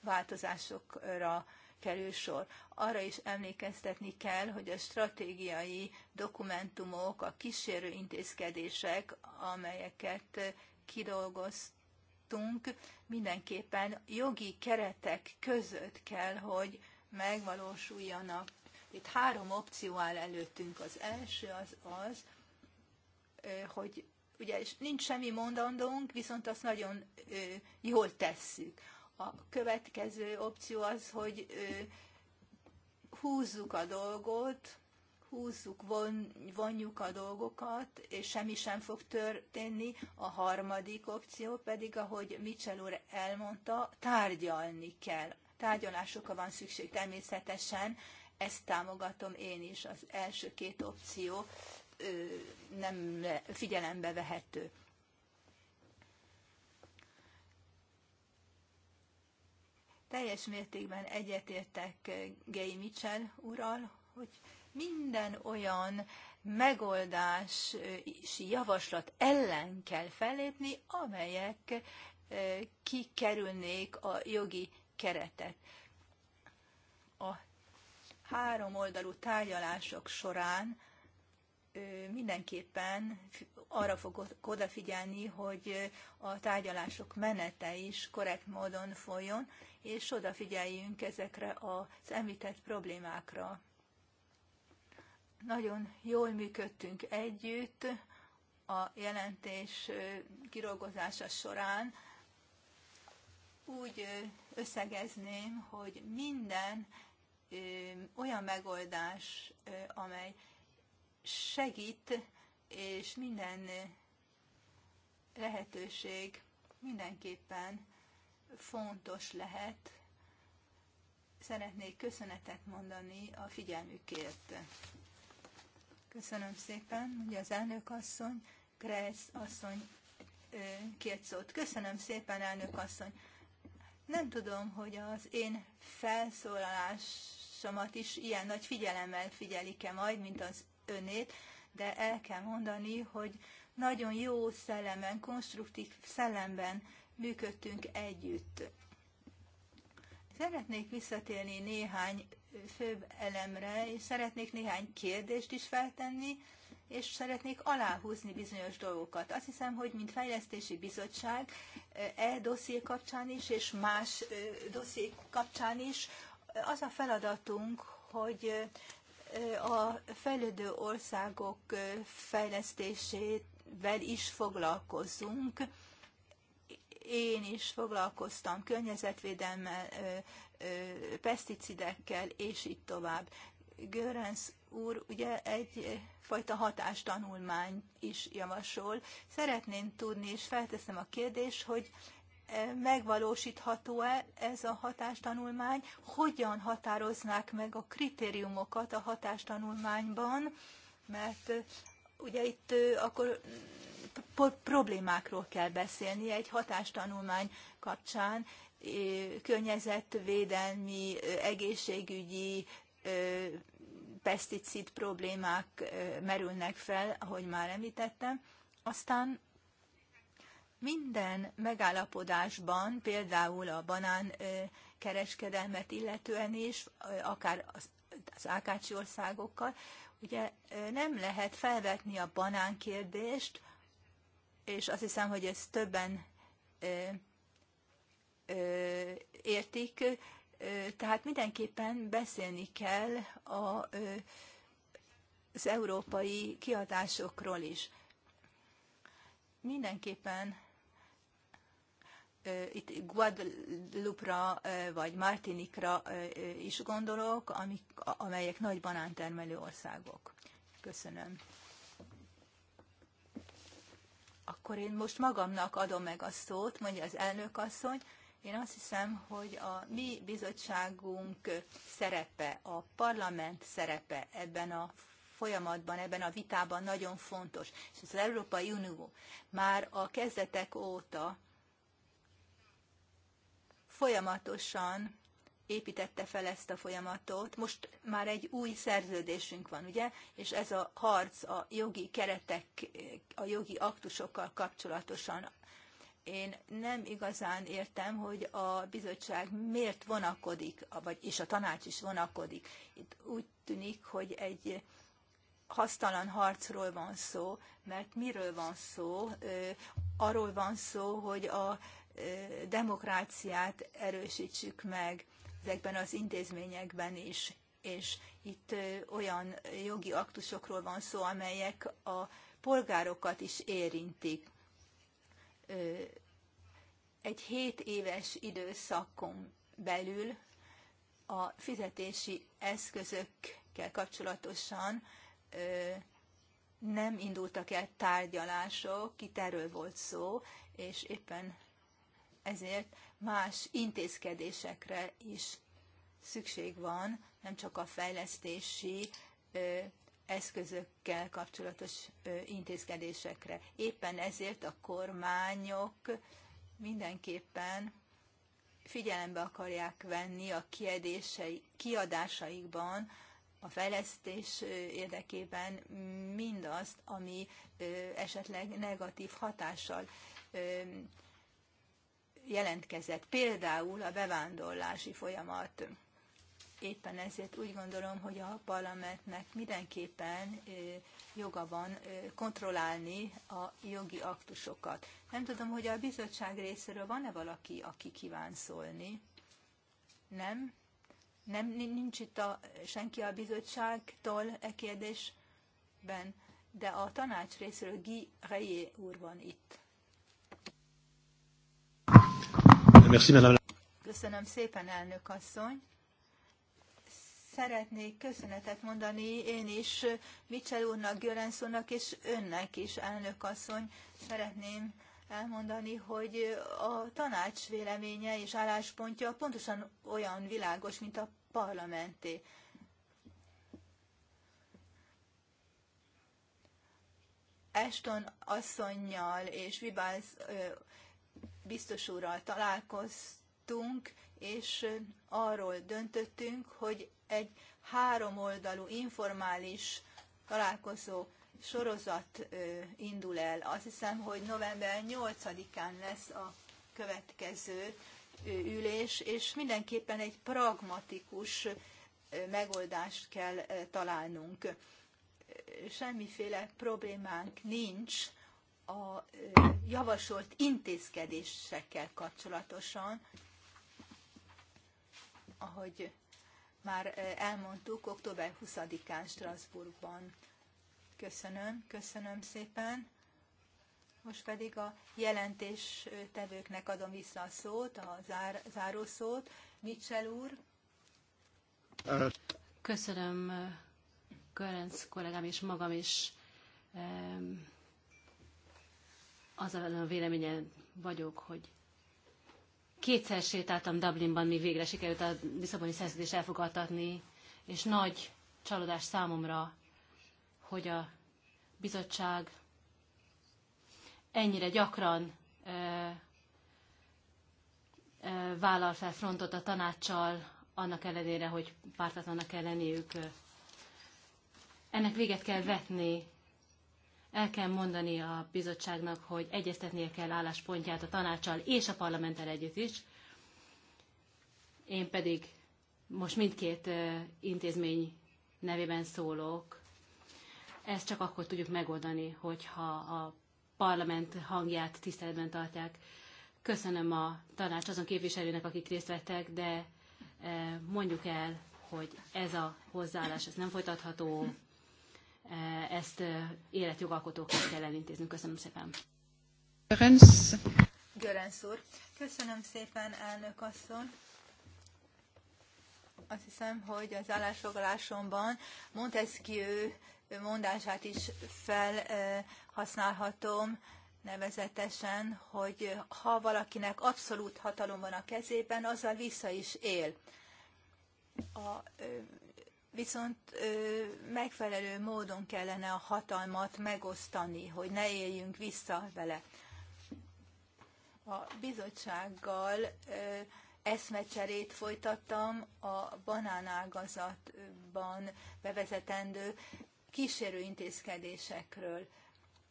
változásokra kerül sor. Arra is emlékeztetni kell, hogy a stratégiai dokumentumok, a kísérő intézkedések, amelyeket kidolgoztunk, mindenképpen jogi keretek között kell, hogy megvalósuljanak. Itt három opció áll előttünk. Az első az az, hogy ugye nincs semmi mondandónk, viszont azt nagyon jól tesszük. A következő opció az, hogy húzzuk a dolgot, húzzuk, von, vonjuk a dolgokat, és semmi sem fog történni. A harmadik opció pedig, ahogy Mitchell úr elmondta, tárgyalni kell. Tárgyalásokra van szükség természetesen, ezt támogatom én is, az első két opció nem figyelembe vehető. Teljes mértékben egyetértek Gay Mitchell ural, hogy minden olyan megoldási javaslat ellen kell fellépni, amelyek kikerülnék a jogi keretet. A három oldalú tárgyalások során mindenképpen arra fog odafigyelni, hogy a tárgyalások menete is korrekt módon folyjon, és odafigyeljünk ezekre az említett problémákra. Nagyon jól működtünk együtt a jelentés kirolgozása során. Úgy összegezném, hogy minden olyan megoldás, amely segít, és minden lehetőség mindenképpen fontos lehet. Szeretnék köszönetet mondani a figyelmükért. Köszönöm szépen, ugye az elnök asszony, Kressz asszony két szót. Köszönöm szépen, elnök asszony. Nem tudom, hogy az én felszólalásomat is ilyen nagy figyelemmel figyelik-e majd, mint az önét, de el kell mondani, hogy nagyon jó szellemen, konstruktív szellemben működtünk együtt. Szeretnék visszatérni néhány főbb elemre, és szeretnék néhány kérdést is feltenni, és szeretnék aláhúzni bizonyos dolgokat. Azt hiszem, hogy mint fejlesztési bizottság e dosszié kapcsán is, és más dosszié kapcsán is az a feladatunk, hogy a fejlődő országok fejlesztésével is foglalkozzunk. Én is foglalkoztam környezetvédelmel, peszticidekkel, és így tovább. Görens úr ugye egyfajta hatástanulmány is javasol. Szeretném tudni, és felteszem a kérdést, hogy e, megvalósítható-e ez a hatástanulmány, hogyan határoznák meg a kritériumokat a hatástanulmányban, mert e, ugye itt e, akkor problémákról kell beszélni egy hatástanulmány kapcsán, környezetvédelmi, egészségügyi, peszticid problémák merülnek fel, ahogy már említettem. Aztán minden megállapodásban, például a banán kereskedelmet illetően is, akár az, Ákácsi országokkal, ugye nem lehet felvetni a banán kérdést, és azt hiszem, hogy ezt többen értik, tehát mindenképpen beszélni kell a, az európai kiadásokról is. Mindenképpen itt Guadalupe-ra vagy Martinikra is gondolok, amik, amelyek nagy banántermelő országok. Köszönöm. Akkor én most magamnak adom meg a szót, mondja az elnök asszony. Én azt hiszem, hogy a mi bizottságunk szerepe, a parlament szerepe ebben a folyamatban, ebben a vitában nagyon fontos. És az Európai Unió már a kezdetek óta folyamatosan építette fel ezt a folyamatot. Most már egy új szerződésünk van, ugye? És ez a harc a jogi keretek, a jogi aktusokkal kapcsolatosan én nem igazán értem, hogy a bizottság miért vonakodik, vagy, és a tanács is vonakodik. Itt úgy tűnik, hogy egy hasztalan harcról van szó, mert miről van szó? Arról van szó, hogy a demokráciát erősítsük meg ezekben az intézményekben is, és itt olyan jogi aktusokról van szó, amelyek a polgárokat is érintik egy 7 éves időszakon belül a fizetési eszközökkel kapcsolatosan nem indultak el tárgyalások, itt erről volt szó, és éppen ezért más intézkedésekre is szükség van, nem csak a fejlesztési eszközökkel kapcsolatos intézkedésekre. Éppen ezért a kormányok mindenképpen figyelembe akarják venni a kiadásaikban a fejlesztés érdekében mindazt, ami esetleg negatív hatással jelentkezett, például a bevándorlási folyamat. Éppen ezért úgy gondolom, hogy a parlamentnek mindenképpen joga van kontrollálni a jogi aktusokat. Nem tudom, hogy a bizottság részéről van-e valaki, aki kíván szólni? Nem? Nem nincs itt a, senki a bizottságtól e kérdésben, de a tanács részéről Guy Reyé úr van itt. Köszönöm szépen, elnök asszony szeretnék köszönetet mondani én is Mitchell úrnak, Görensz úrnak és önnek is, elnök asszony. Szeretném elmondani, hogy a tanács véleménye és álláspontja pontosan olyan világos, mint a parlamenté. Eston asszonynal és Vibáz biztos úrral találkoztunk, és arról döntöttünk, hogy egy háromoldalú informális találkozó sorozat indul el. Azt hiszem, hogy november 8-án lesz a következő ülés, és mindenképpen egy pragmatikus megoldást kell találnunk. Semmiféle problémánk nincs a javasolt intézkedésekkel kapcsolatosan, ahogy már elmondtuk október 20-án Strasbourgban. Köszönöm, köszönöm szépen. Most pedig a jelentéstevőknek adom vissza a szót, a zár, zárószót. Mitchell úr. Köszönöm Görenc kollégám és magam is. Az a véleményen vagyok, hogy Kétszer sétáltam Dublinban, míg végre sikerült a Lisszaboni szerződés elfogadtatni, és nagy csalódás számomra, hogy a bizottság ennyire gyakran ö, ö, vállal fel frontot a tanácssal, annak ellenére, hogy pártatlanak kell lenniük. Ennek véget kell vetni, el kell mondani a bizottságnak, hogy egyeztetnie kell álláspontját a tanácsal és a parlamenttel együtt is. Én pedig most mindkét intézmény nevében szólok. Ezt csak akkor tudjuk megoldani, hogyha a parlament hangját tiszteletben tartják. Köszönöm a tanács azon képviselőnek, akik részt vettek, de mondjuk el, hogy ez a hozzáállás ez nem folytatható, Eh, ezt eh, életjogalkotóként kell elintézni. Köszönöm szépen. Görenc. úr. Köszönöm szépen, elnök asszony. Azt hiszem, hogy az állásfoglalásomban Montesquieu mondását is felhasználhatom, nevezetesen, hogy ha valakinek abszolút hatalom van a kezében, azzal vissza is él. A viszont megfelelő módon kellene a hatalmat megosztani, hogy ne éljünk vissza vele. A bizottsággal eszmecserét folytattam a banánágazatban bevezetendő kísérő intézkedésekről.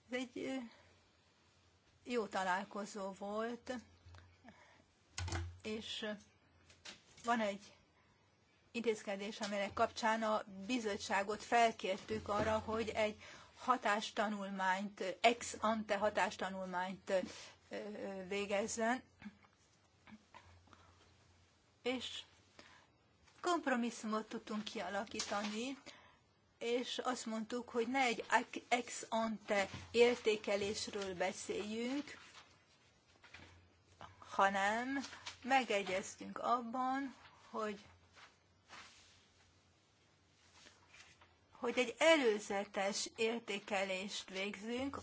Ez egy jó találkozó volt, és van egy intézkedés, amelynek kapcsán a bizottságot felkértük arra, hogy egy hatástanulmányt, ex ante hatástanulmányt végezzen, és kompromisszumot tudtunk kialakítani, és azt mondtuk, hogy ne egy ex ante értékelésről beszéljünk, hanem megegyeztünk abban, hogy hogy egy előzetes értékelést végzünk,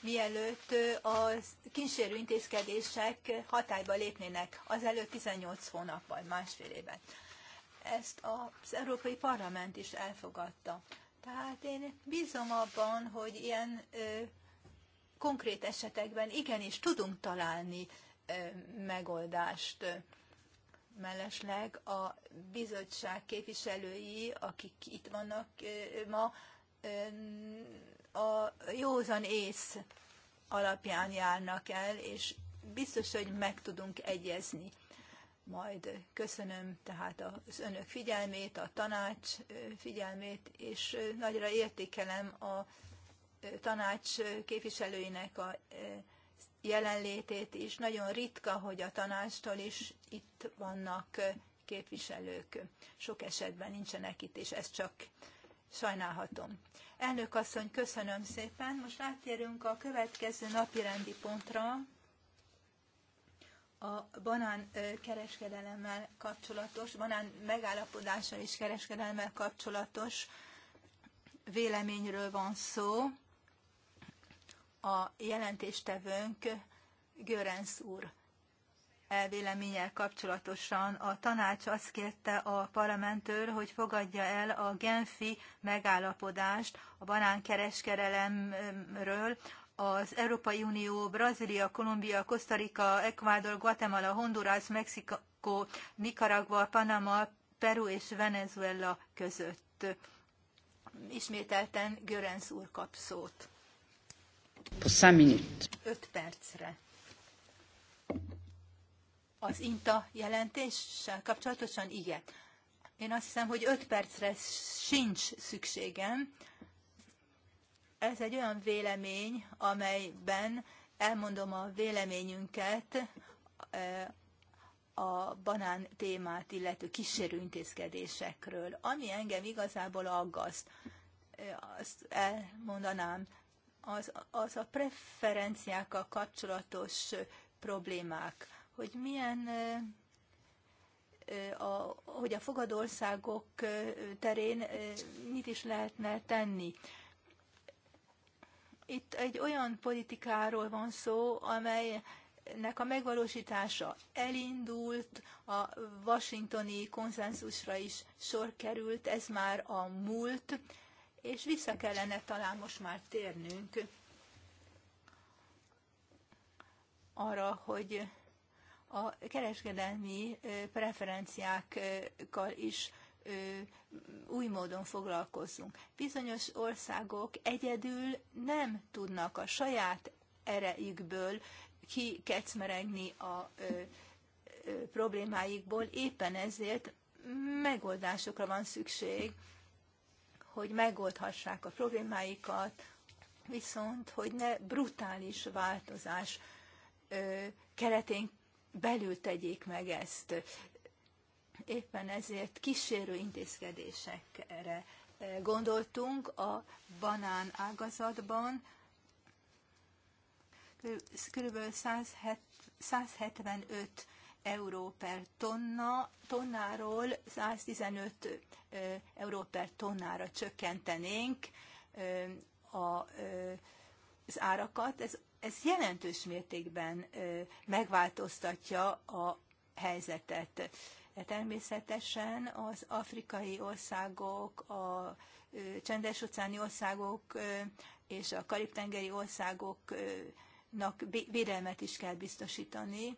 mielőtt a kísérő intézkedések hatályba lépnének, előtt 18 hónappal, másfél évben. Ezt az Európai Parlament is elfogadta. Tehát én bízom abban, hogy ilyen ö, konkrét esetekben igenis tudunk találni ö, megoldást mellesleg a bizottság képviselői, akik itt vannak ma, a józan ész alapján járnak el, és biztos, hogy meg tudunk egyezni. Majd köszönöm tehát az önök figyelmét, a tanács figyelmét, és nagyra értékelem a tanács képviselőinek a jelenlétét is. Nagyon ritka, hogy a tanástól is itt vannak képviselők. Sok esetben nincsenek itt, és ezt csak sajnálhatom. Elnök asszony, köszönöm szépen. Most áttérünk a következő napi rendi pontra, a banán kereskedelemmel kapcsolatos, banán megállapodással és kereskedelemmel kapcsolatos véleményről van szó a jelentéstevőnk Görensz úr elvéleménnyel kapcsolatosan. A tanács azt kérte a parlamentőr, hogy fogadja el a Genfi megállapodást a banánkereskedelemről, az Európai Unió, Brazília, Kolumbia, Costa Rica, Ecuador, Guatemala, Honduras, Mexikó, Nicaragua, Panama, Peru és Venezuela között. Ismételten Görenc úr kap szót. Öt percre. Az INTA jelentéssel kapcsolatosan igen. Én azt hiszem, hogy öt percre sincs szükségem. Ez egy olyan vélemény, amelyben elmondom a véleményünket e, a banán témát, illető kísérő intézkedésekről. Ami engem igazából aggaszt, e, azt elmondanám, az, az a preferenciákkal kapcsolatos problémák, hogy milyen a, hogy a fogadországok terén mit is lehetne tenni. Itt egy olyan politikáról van szó, amelynek a megvalósítása elindult, a washingtoni konszenzusra is sor került, ez már a múlt, és vissza kellene talán most már térnünk arra, hogy a kereskedelmi preferenciákkal is új módon foglalkozzunk. Bizonyos országok egyedül nem tudnak a saját erejükből kikecmeregni a problémáikból, éppen ezért megoldásokra van szükség hogy megoldhassák a problémáikat, viszont hogy ne brutális változás keretén belül tegyék meg ezt. Éppen ezért kísérő intézkedésekre gondoltunk a banán ágazatban. Körülbelül 175 euró per tonna, tonnáról 115 euró per tonnára csökkentenénk a, az árakat. Ez, ez jelentős mértékben megváltoztatja a helyzetet. Természetesen az afrikai országok, a csendes-óceáni országok és a karib-tengeri országoknak védelmet is kell biztosítani,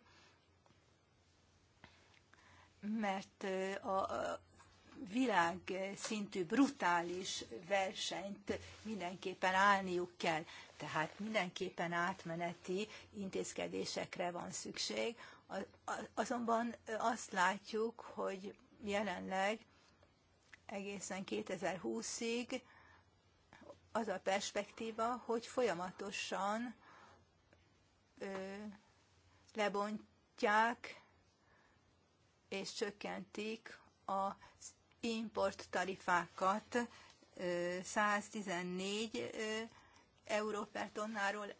mert a világ szintű brutális versenyt mindenképpen állniuk kell. Tehát mindenképpen átmeneti intézkedésekre van szükség. Azonban azt látjuk, hogy jelenleg egészen 2020-ig az a perspektíva, hogy folyamatosan ö, lebontják és csökkentik az import tarifákat 114 euró per tonnáról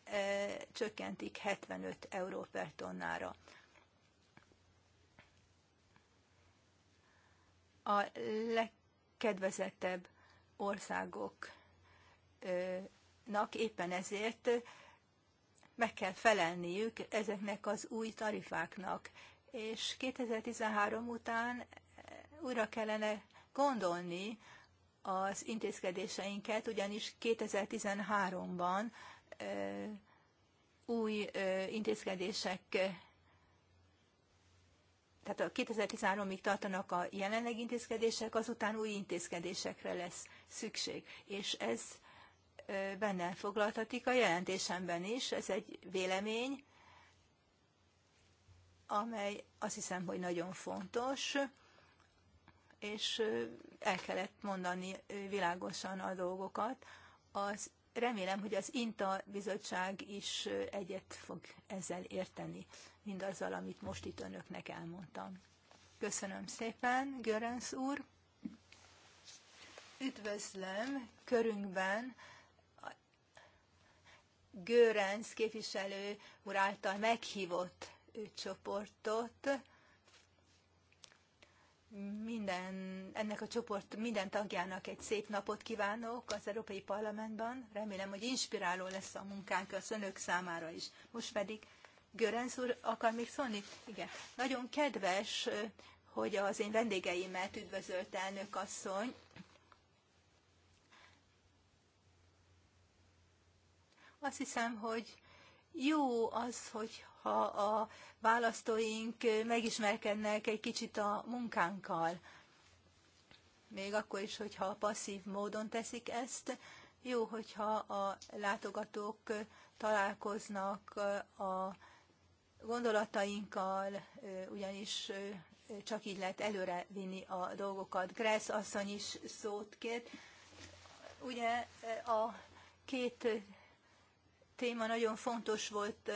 csökkentik 75 euró per tonnára. A legkedvezettebb országoknak éppen ezért meg kell felelniük ezeknek az új tarifáknak, és 2013 után eh, újra kellene gondolni az intézkedéseinket, ugyanis 2013-ban eh, új eh, intézkedések, tehát a 2013-ig tartanak a jelenleg intézkedések, azután új intézkedésekre lesz szükség. És ez benne foglaltatik a jelentésemben is, ez egy vélemény, amely azt hiszem, hogy nagyon fontos, és el kellett mondani világosan a dolgokat. Az, remélem, hogy az INTA bizottság is egyet fog ezzel érteni, mindazzal, amit most itt önöknek elmondtam. Köszönöm szépen, Görönsz úr! Üdvözlöm körünkben Görenc képviselő úr által meghívott csoportot. Minden, ennek a csoport minden tagjának egy szép napot kívánok az Európai Parlamentben. Remélem, hogy inspiráló lesz a munkánk az önök számára is. Most pedig Görenc úr akar még szólni? Igen. Nagyon kedves, hogy az én vendégeimet üdvözölt elnök asszony. Azt hiszem, hogy jó az, hogy ha a választóink megismerkednek egy kicsit a munkánkkal. Még akkor is, hogyha passzív módon teszik ezt, jó, hogyha a látogatók találkoznak a gondolatainkkal, ugyanis csak így lehet előre vinni a dolgokat. Gressz asszony is szót kért. Ugye a két téma nagyon fontos volt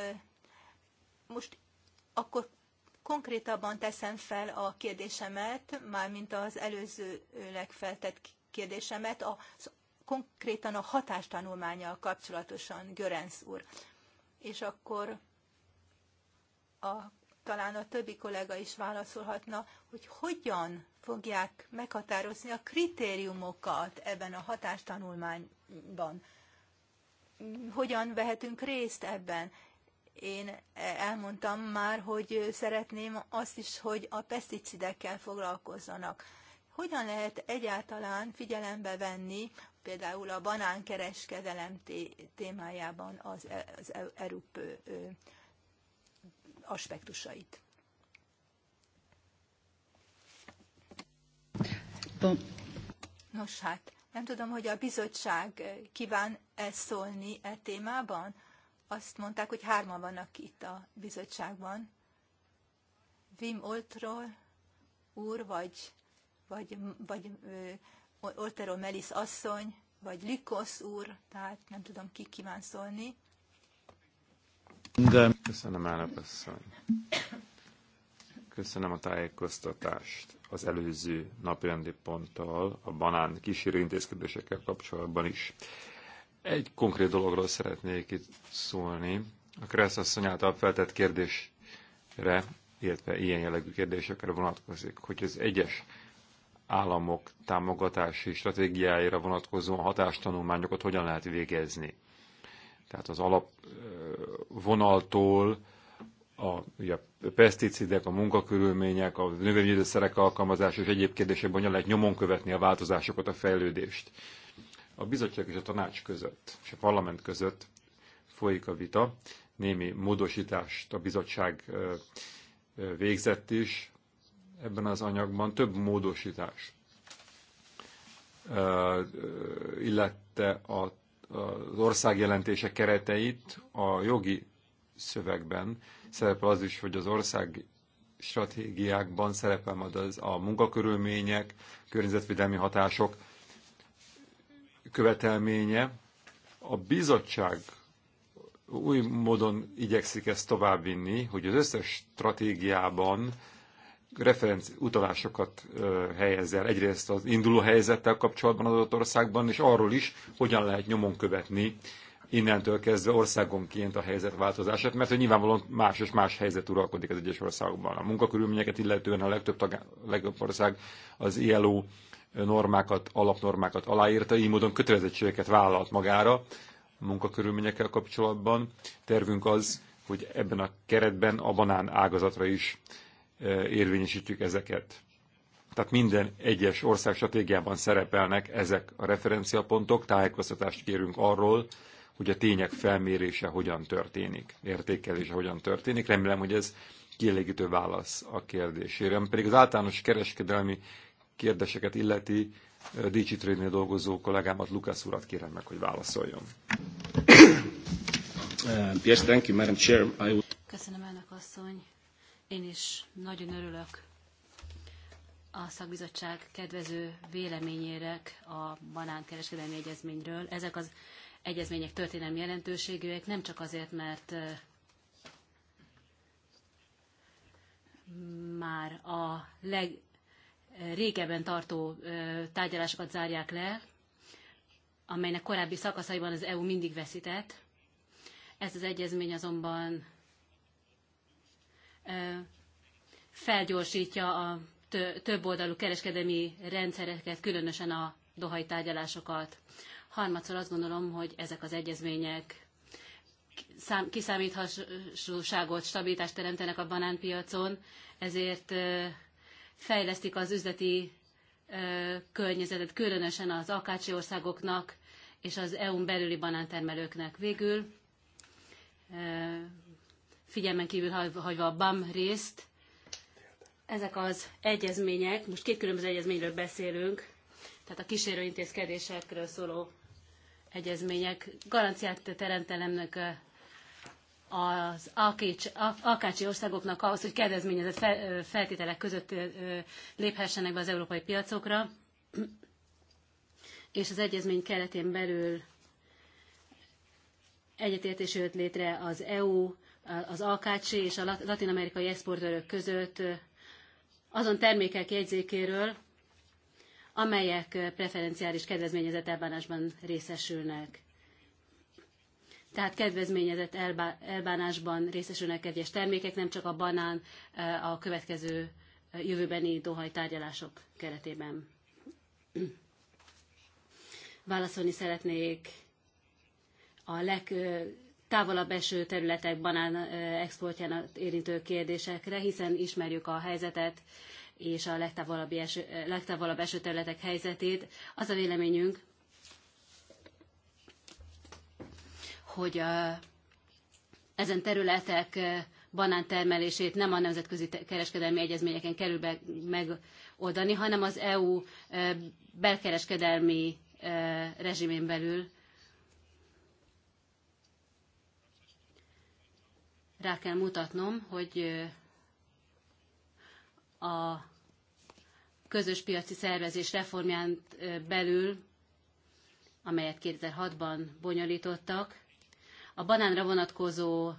most akkor konkrétabban teszem fel a kérdésemet, mármint az előzőleg feltett kérdésemet, a, konkrétan a hatástanulmányal kapcsolatosan, Görenc úr. És akkor a, talán a többi kollega is válaszolhatna, hogy hogyan fogják meghatározni a kritériumokat ebben a hatástanulmányban. Hogyan vehetünk részt ebben, én elmondtam már, hogy szeretném azt is, hogy a peszticidekkel foglalkozzanak. Hogyan lehet egyáltalán figyelembe venni például a banánkereskedelem témájában az, e-, az erup aspektusait? Nos hát, nem tudom, hogy a bizottság kíván ezt szólni e témában azt mondták, hogy hárman vannak itt a bizottságban. Wim Oltról úr, vagy, vagy, vagy Oltero Melis asszony, vagy Likosz úr, tehát nem tudom, ki kíván szólni. De köszönöm, elnök asszony. Köszönöm a tájékoztatást az előző napirendi ponttal, a banán kísérő intézkedésekkel kapcsolatban is. Egy konkrét dologról szeretnék itt szólni. A Kressz által feltett kérdésre, illetve ilyen jellegű kérdésekre vonatkozik, hogy az egyes államok támogatási stratégiáira vonatkozó hatástanulmányokat hogyan lehet végezni. Tehát az alapvonaltól a, ugye, a peszticidek, a munkakörülmények, a növényvédőszerek alkalmazása és egyéb kérdésekben hogyan lehet nyomon követni a változásokat, a fejlődést a bizottság és a tanács között, és a parlament között folyik a vita. Némi módosítást a bizottság végzett is ebben az anyagban. Több módosítás illette az jelentése kereteit a jogi szövegben. Szerepel az is, hogy az ország stratégiákban szerepel majd az a munkakörülmények, környezetvédelmi hatások, követelménye, a bizottság új módon igyekszik ezt továbbvinni, hogy az összes stratégiában referenc utalásokat helyez el. Egyrészt az induló helyzettel kapcsolatban az adott országban, és arról is, hogyan lehet nyomon követni innentől kezdve országonként a helyzet változását, mert hogy nyilvánvalóan más és más helyzet uralkodik az egyes országokban. A munkakörülményeket illetően a legtöbb, tagá, legtöbb ország az ILO normákat, alapnormákat aláírta, így módon kötelezettségeket vállalt magára a munkakörülményekkel kapcsolatban. Tervünk az, hogy ebben a keretben a banán ágazatra is e, érvényesítjük ezeket. Tehát minden egyes ország stratégiában szerepelnek ezek a referenciapontok, tájékoztatást kérünk arról, hogy a tények felmérése hogyan történik, értékelése hogyan történik. Remélem, hogy ez kielégítő válasz a kérdésére. pedig az általános kereskedelmi kérdéseket illeti, DG trade dolgozó kollégámat, Lukás urat kérem meg, hogy válaszoljon. Uh, yes, thank you, Madam Chair. I will... Köszönöm, elnök asszony. Én is nagyon örülök a szakbizottság kedvező véleményérek a banánkereskedelmi egyezményről. Ezek az egyezmények történelmi jelentőségűek, nem csak azért, mert már a leg, régebben tartó tárgyalásokat zárják le, amelynek korábbi szakaszaiban az EU mindig veszített. Ez az egyezmény azonban felgyorsítja a több oldalú kereskedelmi rendszereket, különösen a dohai tárgyalásokat. Harmadszor azt gondolom, hogy ezek az egyezmények kiszámíthatóságot, stabilitást teremtenek a banánpiacon, ezért fejlesztik az üzleti környezetet, különösen az akácsi országoknak és az EU-n belüli banántermelőknek végül. Figyelmen kívül hagyva a BAM részt, ezek az egyezmények, most két különböző egyezményről beszélünk, tehát a kísérő intézkedésekről szóló egyezmények garanciát teremtelemnek az Akácsi országoknak ahhoz, hogy kedvezményezett feltételek között léphessenek be az európai piacokra, és az egyezmény keretén belül egyetértés jött létre az EU, az Akácsi és a latin-amerikai exportőrök között azon termékek jegyzékéről, amelyek preferenciális kedvezményezett elbánásban részesülnek tehát kedvezményezett elbánásban részesülnek egyes termékek, nem csak a banán e, a következő e, jövőbeni dohaj tárgyalások keretében. Válaszolni szeretnék a legtávolabb e, eső területek banán exportjának érintő kérdésekre, hiszen ismerjük a helyzetet és a legtávolabb eső, legtávolabb eső területek helyzetét. Az a véleményünk, hogy a, ezen területek banántermelését nem a nemzetközi kereskedelmi egyezményeken kerül be, megoldani, hanem az EU belkereskedelmi rezsimén belül. Rá kell mutatnom, hogy a közös piaci szervezés reformján belül, amelyet 2006-ban bonyolítottak, a banánra vonatkozó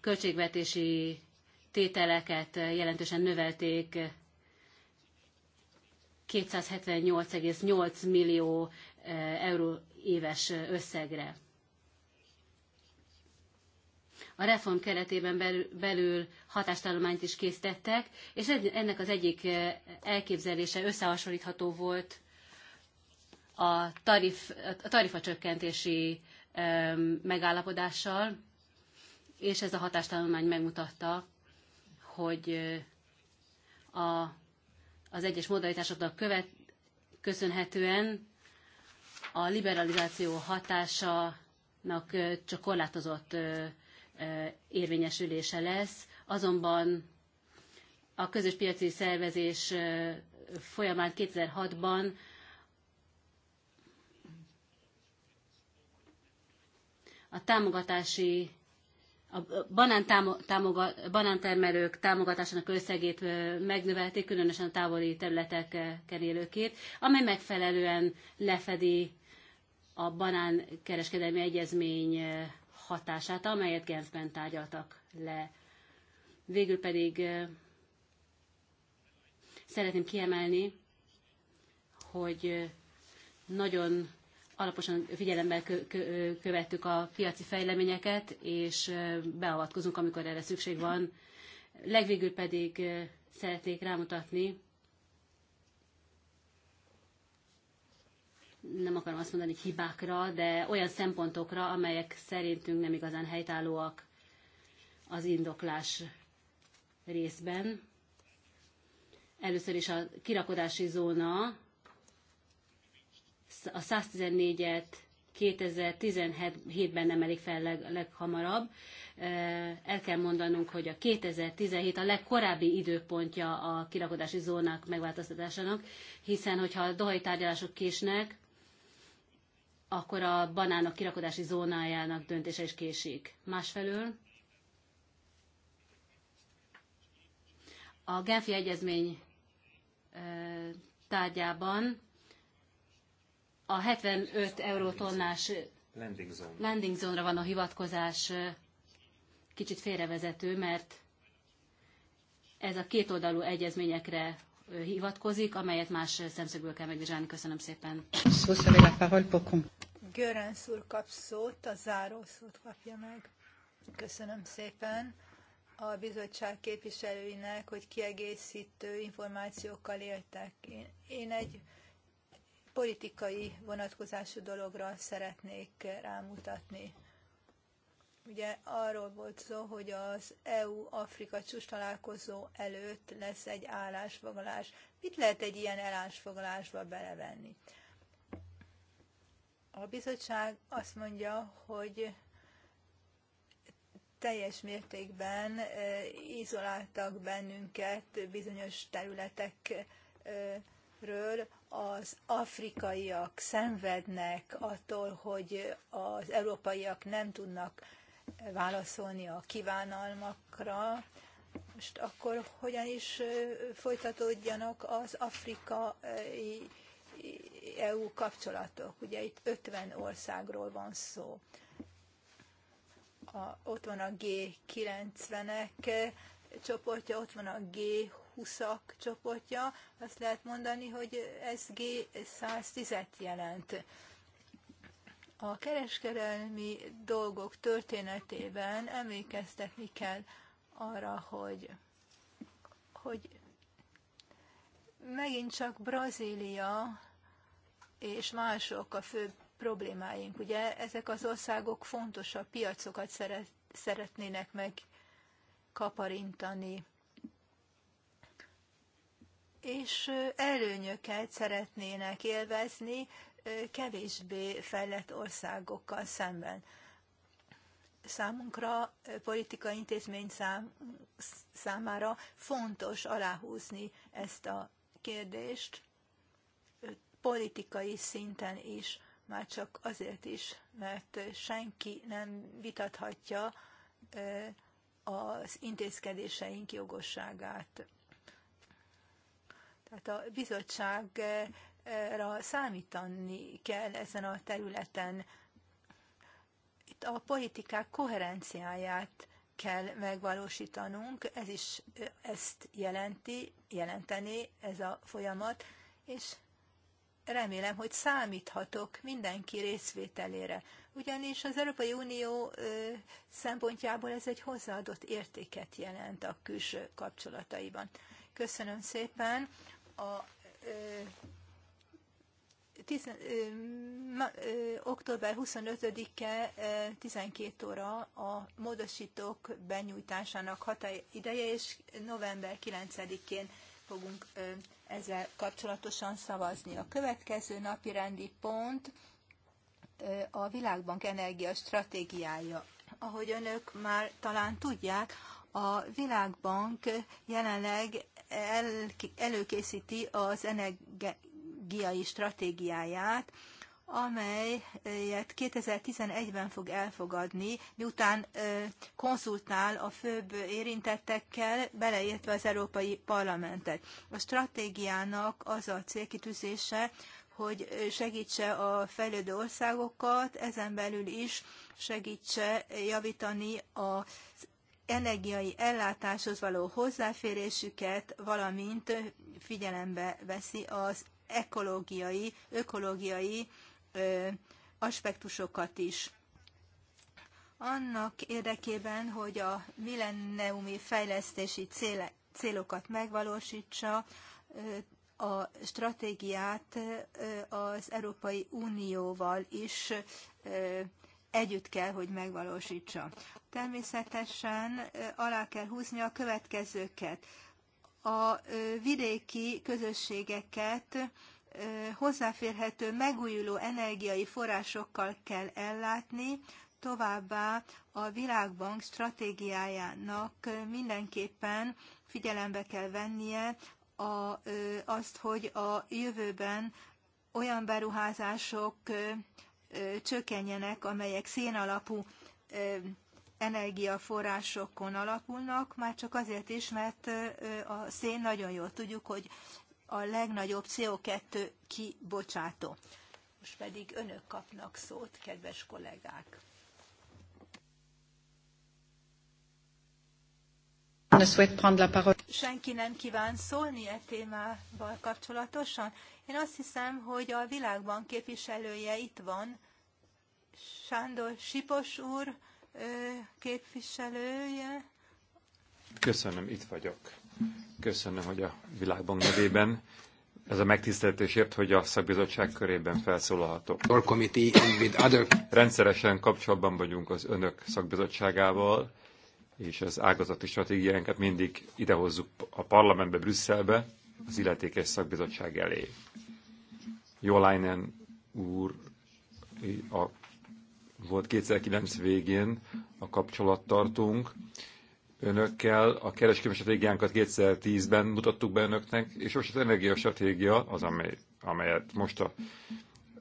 költségvetési tételeket jelentősen növelték 278,8 millió e, euró éves összegre. A reform keretében belül hatástalományt is készítettek, és ennek az egyik e, elképzelése összehasonlítható volt a, tarif, a tarifacsökkentési megállapodással, és ez a hatástanulmány megmutatta, hogy a, az egyes modalitásoknak követ, köszönhetően a liberalizáció hatásának csak korlátozott érvényesülése lesz, azonban a közös piaci szervezés folyamán 2006-ban a támogatási a banán támoga, banántermelők támogatásának összegét megnövelték, különösen a távoli területek kerélőkét, amely megfelelően lefedi a banán kereskedelmi egyezmény hatását, amelyet Genfben tárgyaltak le. Végül pedig szeretném kiemelni, hogy nagyon alaposan figyelemmel követtük a piaci fejleményeket, és beavatkozunk, amikor erre szükség van. Legvégül pedig szeretnék rámutatni, nem akarom azt mondani hibákra, de olyan szempontokra, amelyek szerintünk nem igazán helytállóak az indoklás részben. Először is a kirakodási zóna, a 114-et 2017-ben emelik fel leg, leghamarabb. El kell mondanunk, hogy a 2017 a legkorábbi időpontja a kirakodási zónák megváltoztatásának, hiszen hogyha a dohai tárgyalások késnek, akkor a banánok kirakodási zónájának döntése is késik. Másfelől a Genfi Egyezmény tárgyában a 75 eurótonnás landing, zone. landing zone-ra van a hivatkozás kicsit félrevezető, mert ez a kétoldalú egyezményekre hivatkozik, amelyet más szemszögből kell megvizsgálni. Köszönöm szépen. Görönsz úr kap szót, a záró szót kapja meg. Köszönöm szépen a bizottság képviselőinek, hogy kiegészítő információkkal éltek. Én, én egy politikai vonatkozású dologra szeretnék rámutatni. Ugye arról volt szó, hogy az EU-Afrika csúcs találkozó előtt lesz egy állásfoglalás. Mit lehet egy ilyen állásfoglalásba belevenni? A bizottság azt mondja, hogy teljes mértékben eh, izoláltak bennünket bizonyos területek eh, ről az afrikaiak szenvednek attól, hogy az európaiak nem tudnak válaszolni a kívánalmakra, most akkor hogyan is folytatódjanak az afrikai EU kapcsolatok? Ugye itt 50 országról van szó. A, ott van a G90-ek csoportja, ott van a G20-ak csoportja, azt lehet mondani, hogy ez G110-et jelent. A kereskedelmi dolgok történetében emlékeztetni kell arra, hogy, hogy megint csak Brazília és mások a fő problémáink. Ugye ezek az országok fontosabb piacokat szeret, szeretnének megkaparintani és előnyöket szeretnének élvezni kevésbé fejlett országokkal szemben. Számunkra, politikai intézmény szám, számára fontos aláhúzni ezt a kérdést politikai szinten is, már csak azért is, mert senki nem vitathatja az intézkedéseink jogosságát. Tehát a bizottságra számítani kell ezen a területen. Itt a politikák koherenciáját kell megvalósítanunk, ez is ezt jelenti, jelenteni ez a folyamat, és remélem, hogy számíthatok mindenki részvételére, ugyanis az Európai Unió szempontjából ez egy hozzáadott értéket jelent a külső kapcsolataiban. Köszönöm szépen a tizen, ma, október 25-e 12 óra a módosítók benyújtásának ideje, és november 9-én fogunk ezzel kapcsolatosan szavazni. A következő napi rendi pont a Világbank energia stratégiája. Ahogy önök már talán tudják, a Világbank jelenleg el, előkészíti az energiai stratégiáját, amelyet 2011-ben fog elfogadni, miután konzultál a főbb érintettekkel, beleértve az Európai Parlamentet. A stratégiának az a célkitűzése, hogy segítse a fejlődő országokat, ezen belül is segítse javítani az energiai ellátáshoz való hozzáférésüket, valamint figyelembe veszi az ekológiai, ökológiai ö, aspektusokat is. Annak érdekében, hogy a milleniumi fejlesztési céle, célokat megvalósítsa, ö, a stratégiát ö, az Európai Unióval is ö, együtt kell, hogy megvalósítsa. Természetesen alá kell húzni a következőket. A vidéki közösségeket hozzáférhető megújuló energiai forrásokkal kell ellátni, továbbá a Világbank stratégiájának mindenképpen figyelembe kell vennie a, azt, hogy a jövőben olyan beruházások csökkenjenek, amelyek szénalapú energiaforrásokon alapulnak, már csak azért is, mert a szén nagyon jól tudjuk, hogy a legnagyobb CO2 kibocsátó. Most pedig önök kapnak szót, kedves kollégák. Senki nem kíván szólni e témával kapcsolatosan? Én azt hiszem, hogy a világban képviselője itt van. Sándor Sipos úr képviselője. Köszönöm, itt vagyok. Köszönöm, hogy a világban nevében ez a megtiszteltésért, hogy a szakbizottság körében felszólalhatok. Rendszeresen kapcsolatban vagyunk az önök szakbizottságával, és az ágazati stratégiánkat mindig idehozzuk a parlamentbe, Brüsszelbe, az illetékes szakbizottság elé. Leinen úr a, volt 2009 végén a kapcsolattartunk önökkel, a kereskedelmi stratégiánkat 2010-ben mutattuk be önöknek, és most az energiastratégia, az amely, amelyet most a,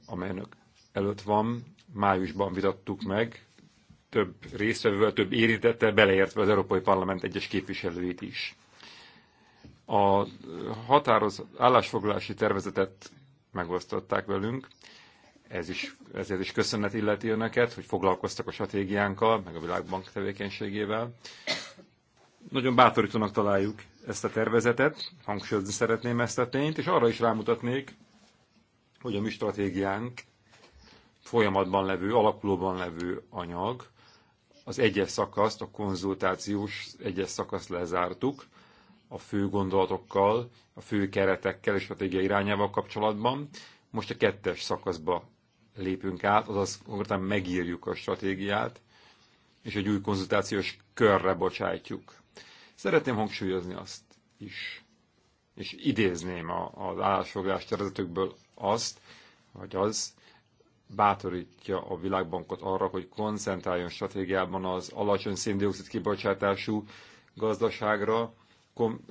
amely önök előtt van, májusban vitattuk meg, több részvevővel, több érintettel, beleértve az Európai Parlament egyes képviselőit is. A határoz állásfoglalási tervezetet megosztották velünk, ez is, ezért is köszönet illeti önöket, hogy foglalkoztak a stratégiánkkal, meg a Világbank tevékenységével. Nagyon bátorítónak találjuk ezt a tervezetet, hangsúlyozni szeretném ezt a tényt, és arra is rámutatnék, hogy a mi stratégiánk folyamatban levő, alakulóban levő anyag, az egyes szakaszt, a konzultációs egyes szakaszt lezártuk a fő gondolatokkal, a fő keretekkel és stratégia irányával kapcsolatban. Most a kettes szakaszba lépünk át, azaz utána megírjuk a stratégiát, és egy új konzultációs körre bocsájtjuk. Szeretném hangsúlyozni azt is, és idézném a, az állásfoglalás tervezetükből azt, hogy az, bátorítja a világbankot arra, hogy koncentráljon stratégiában az alacsony széndiokszid kibocsátású gazdaságra,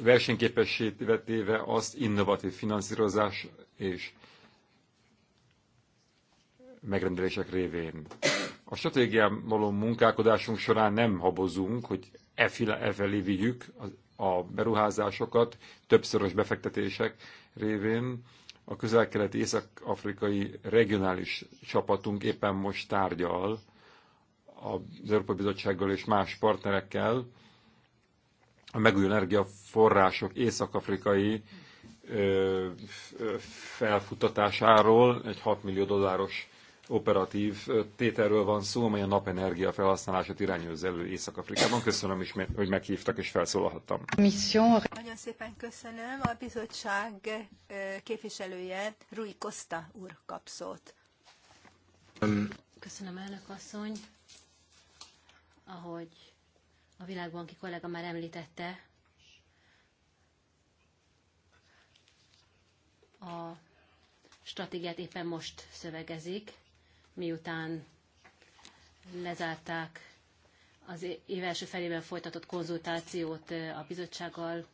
versenyképessé vetéve azt innovatív finanszírozás és megrendelések révén. A stratégián való munkálkodásunk során nem habozunk, hogy e, e felé vigyük a beruházásokat többszörös befektetések révén, a közel-keleti észak-afrikai regionális csapatunk éppen most tárgyal az Európai Bizottsággal és más partnerekkel a megújuló energiaforrások észak-afrikai felfutatásáról egy 6 millió dolláros operatív tételről van szó, amely a napenergia felhasználását irányoz elő Észak-Afrikában. Köszönöm is, hogy meghívtak és felszólalhattam. Mission. Nagyon szépen köszönöm. A bizottság képviselője Rui Costa úr kap szót. Köszönöm, elnök asszony. Ahogy a világbanki kollega már említette, a stratégiát éppen most szövegezik, miután lezárták az év első felében folytatott konzultációt eh, a bizottsággal.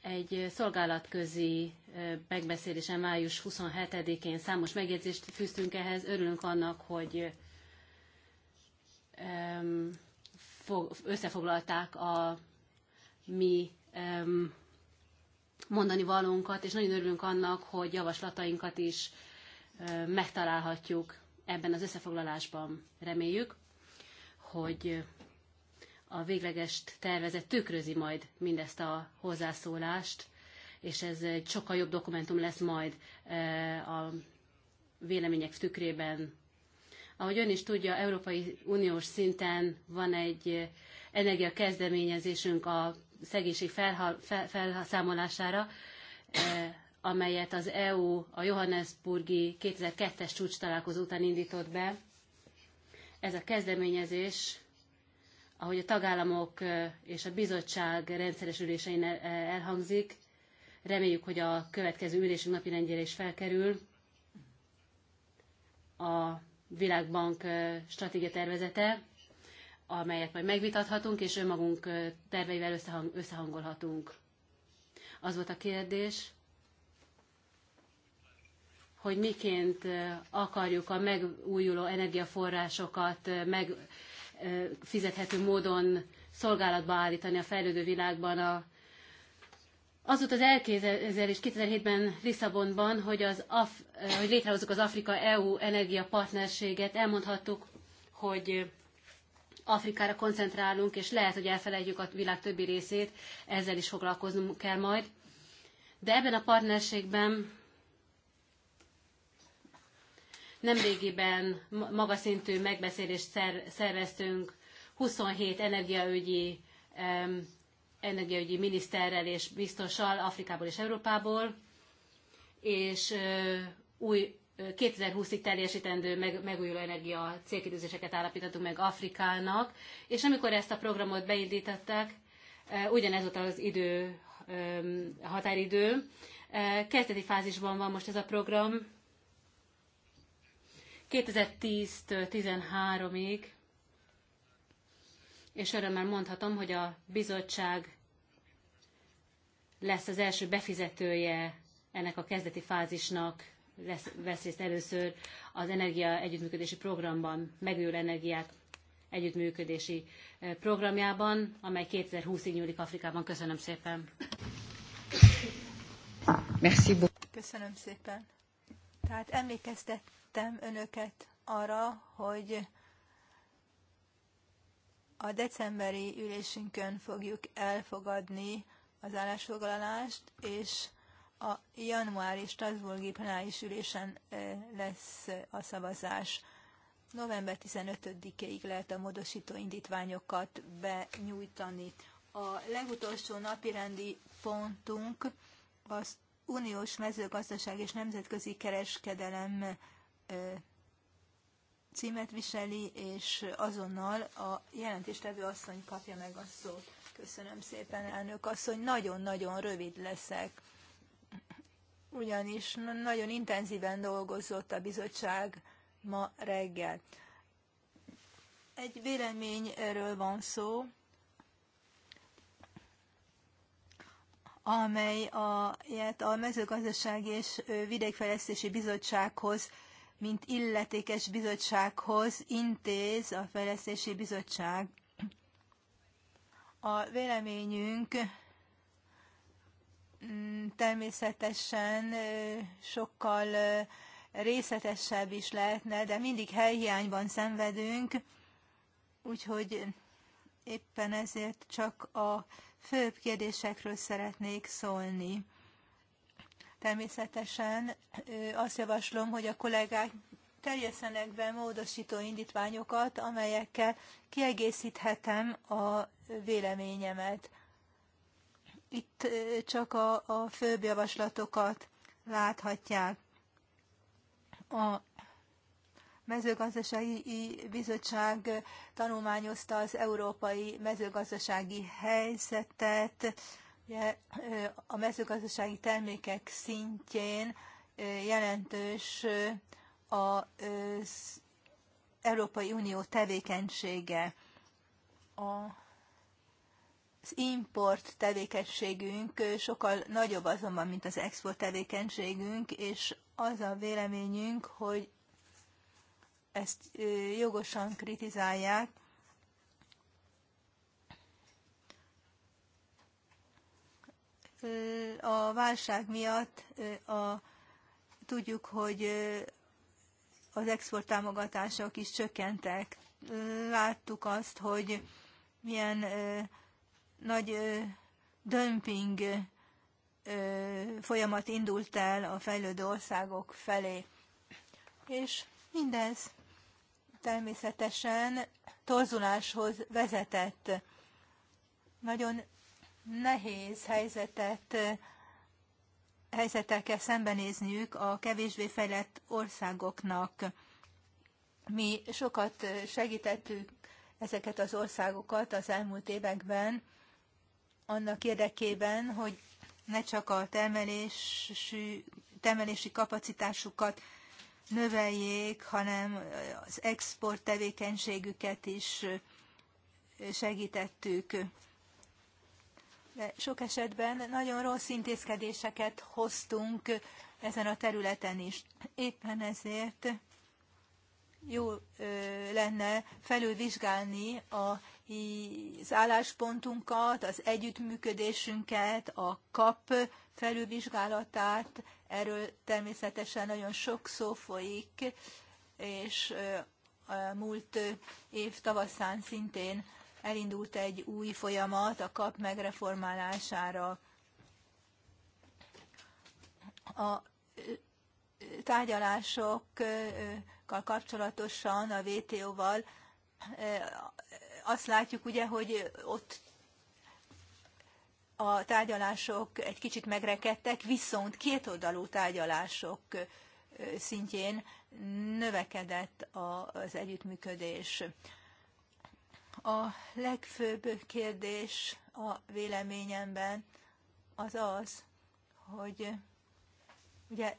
Egy eh, szolgálatközi eh, megbeszélésen május 27-én számos megjegyzést fűztünk ehhez. Örülünk annak, hogy összefoglalták a mi mondani valónkat, és nagyon örülünk annak, hogy javaslatainkat is megtalálhatjuk ebben az összefoglalásban reméljük, hogy a végleges tervezet tükrözi majd mindezt a hozzászólást, és ez egy sokkal jobb dokumentum lesz majd e, a vélemények tükrében. Ahogy ön is tudja, Európai Uniós szinten van egy energiakezdeményezésünk a szegénység felha, fel, felszámolására. E, amelyet az EU a Johannesburgi 2002-es csúcs találkozó után indított be. Ez a kezdeményezés, ahogy a tagállamok és a bizottság rendszeres ülésein elhangzik, reméljük, hogy a következő ülésünk napirendjére is felkerül a Világbank stratégia tervezete, amelyet majd megvitathatunk, és önmagunk terveivel összehang- összehangolhatunk. Az volt a kérdés, hogy miként akarjuk a megújuló energiaforrásokat meg fizethető módon szolgálatba állítani a fejlődő világban. A, azóta az elképzelés 2007-ben Lisszabonban, hogy, az Af, hogy létrehozzuk az Afrika-EU energiapartnerséget, elmondhattuk, hogy Afrikára koncentrálunk, és lehet, hogy elfelejtjük a világ többi részét, ezzel is foglalkoznunk kell majd. De ebben a partnerségben Nemrégiben magas szintű megbeszélést szerveztünk 27 energiaügyi, energiaügyi miniszterrel és biztossal Afrikából és Európából, és új 2020-ig teljesítendő meg, megújuló energia célkitűzéseket állapítottunk meg Afrikának, és amikor ezt a programot beindították, ugyanez volt az idő, határidő. Kezdeti fázisban van most ez a program, 2010-től 13-ig, és örömmel mondhatom, hogy a bizottság lesz az első befizetője ennek a kezdeti fázisnak, lesz, vesz részt először az energia együttműködési programban, megőr energiák együttműködési programjában, amely 2020-ig nyúlik Afrikában. Köszönöm szépen! Köszönöm szépen! Tehát emlékeztettem önöket arra, hogy a decemberi ülésünkön fogjuk elfogadni az állásfoglalást, és a januári Strasburgi plenáris ülésen lesz a szavazás. November 15-ig lehet a módosító indítványokat benyújtani. A legutolsó napirendi pontunk az uniós mezőgazdaság és nemzetközi kereskedelem címet viseli, és azonnal a jelentéstevő asszony kapja meg a szót. Köszönöm szépen, elnök asszony. Nagyon-nagyon rövid leszek, ugyanis nagyon intenzíven dolgozott a bizottság ma reggel. Egy véleményről van szó, amely a, a mezőgazdasági és vidékfejlesztési bizottsághoz, mint illetékes bizottsághoz intéz a fejlesztési bizottság. A véleményünk mm, természetesen sokkal részletesebb is lehetne, de mindig helyhiányban szenvedünk, úgyhogy éppen ezért csak a főbb kérdésekről szeretnék szólni. Természetesen azt javaslom, hogy a kollégák terjesztenek be módosító indítványokat, amelyekkel kiegészíthetem a véleményemet. Itt csak a, a főbb javaslatokat láthatják. A mezőgazdasági bizottság tanulmányozta az európai mezőgazdasági helyzetet, ugye, a mezőgazdasági termékek szintjén jelentős az Európai Unió tevékenysége. A az import tevékenységünk sokkal nagyobb azonban, mint az export tevékenységünk, és az a véleményünk, hogy ezt jogosan kritizálják. A válság miatt a, tudjuk, hogy az exporttámogatások is csökkentek. Láttuk azt, hogy milyen nagy dömping folyamat indult el a fejlődő országok felé. És mindez természetesen torzuláshoz vezetett. Nagyon nehéz helyzetet, helyzetekkel szembenézniük a kevésbé fejlett országoknak. Mi sokat segítettük ezeket az országokat az elmúlt években, annak érdekében, hogy ne csak a termelési, termelési kapacitásukat növeljék, hanem az export tevékenységüket is segítettük. De sok esetben nagyon rossz intézkedéseket hoztunk ezen a területen is. Éppen ezért jó lenne felülvizsgálni az álláspontunkat, az együttműködésünket, a kap felülvizsgálatát, erről természetesen nagyon sok szó folyik, és a múlt év tavaszán szintén elindult egy új folyamat a kap megreformálására. A tárgyalásokkal kapcsolatosan a vto val azt látjuk ugye, hogy ott a tárgyalások egy kicsit megrekedtek, viszont kétoldalú tárgyalások szintjén növekedett az együttműködés. A legfőbb kérdés a véleményemben az az, hogy ugye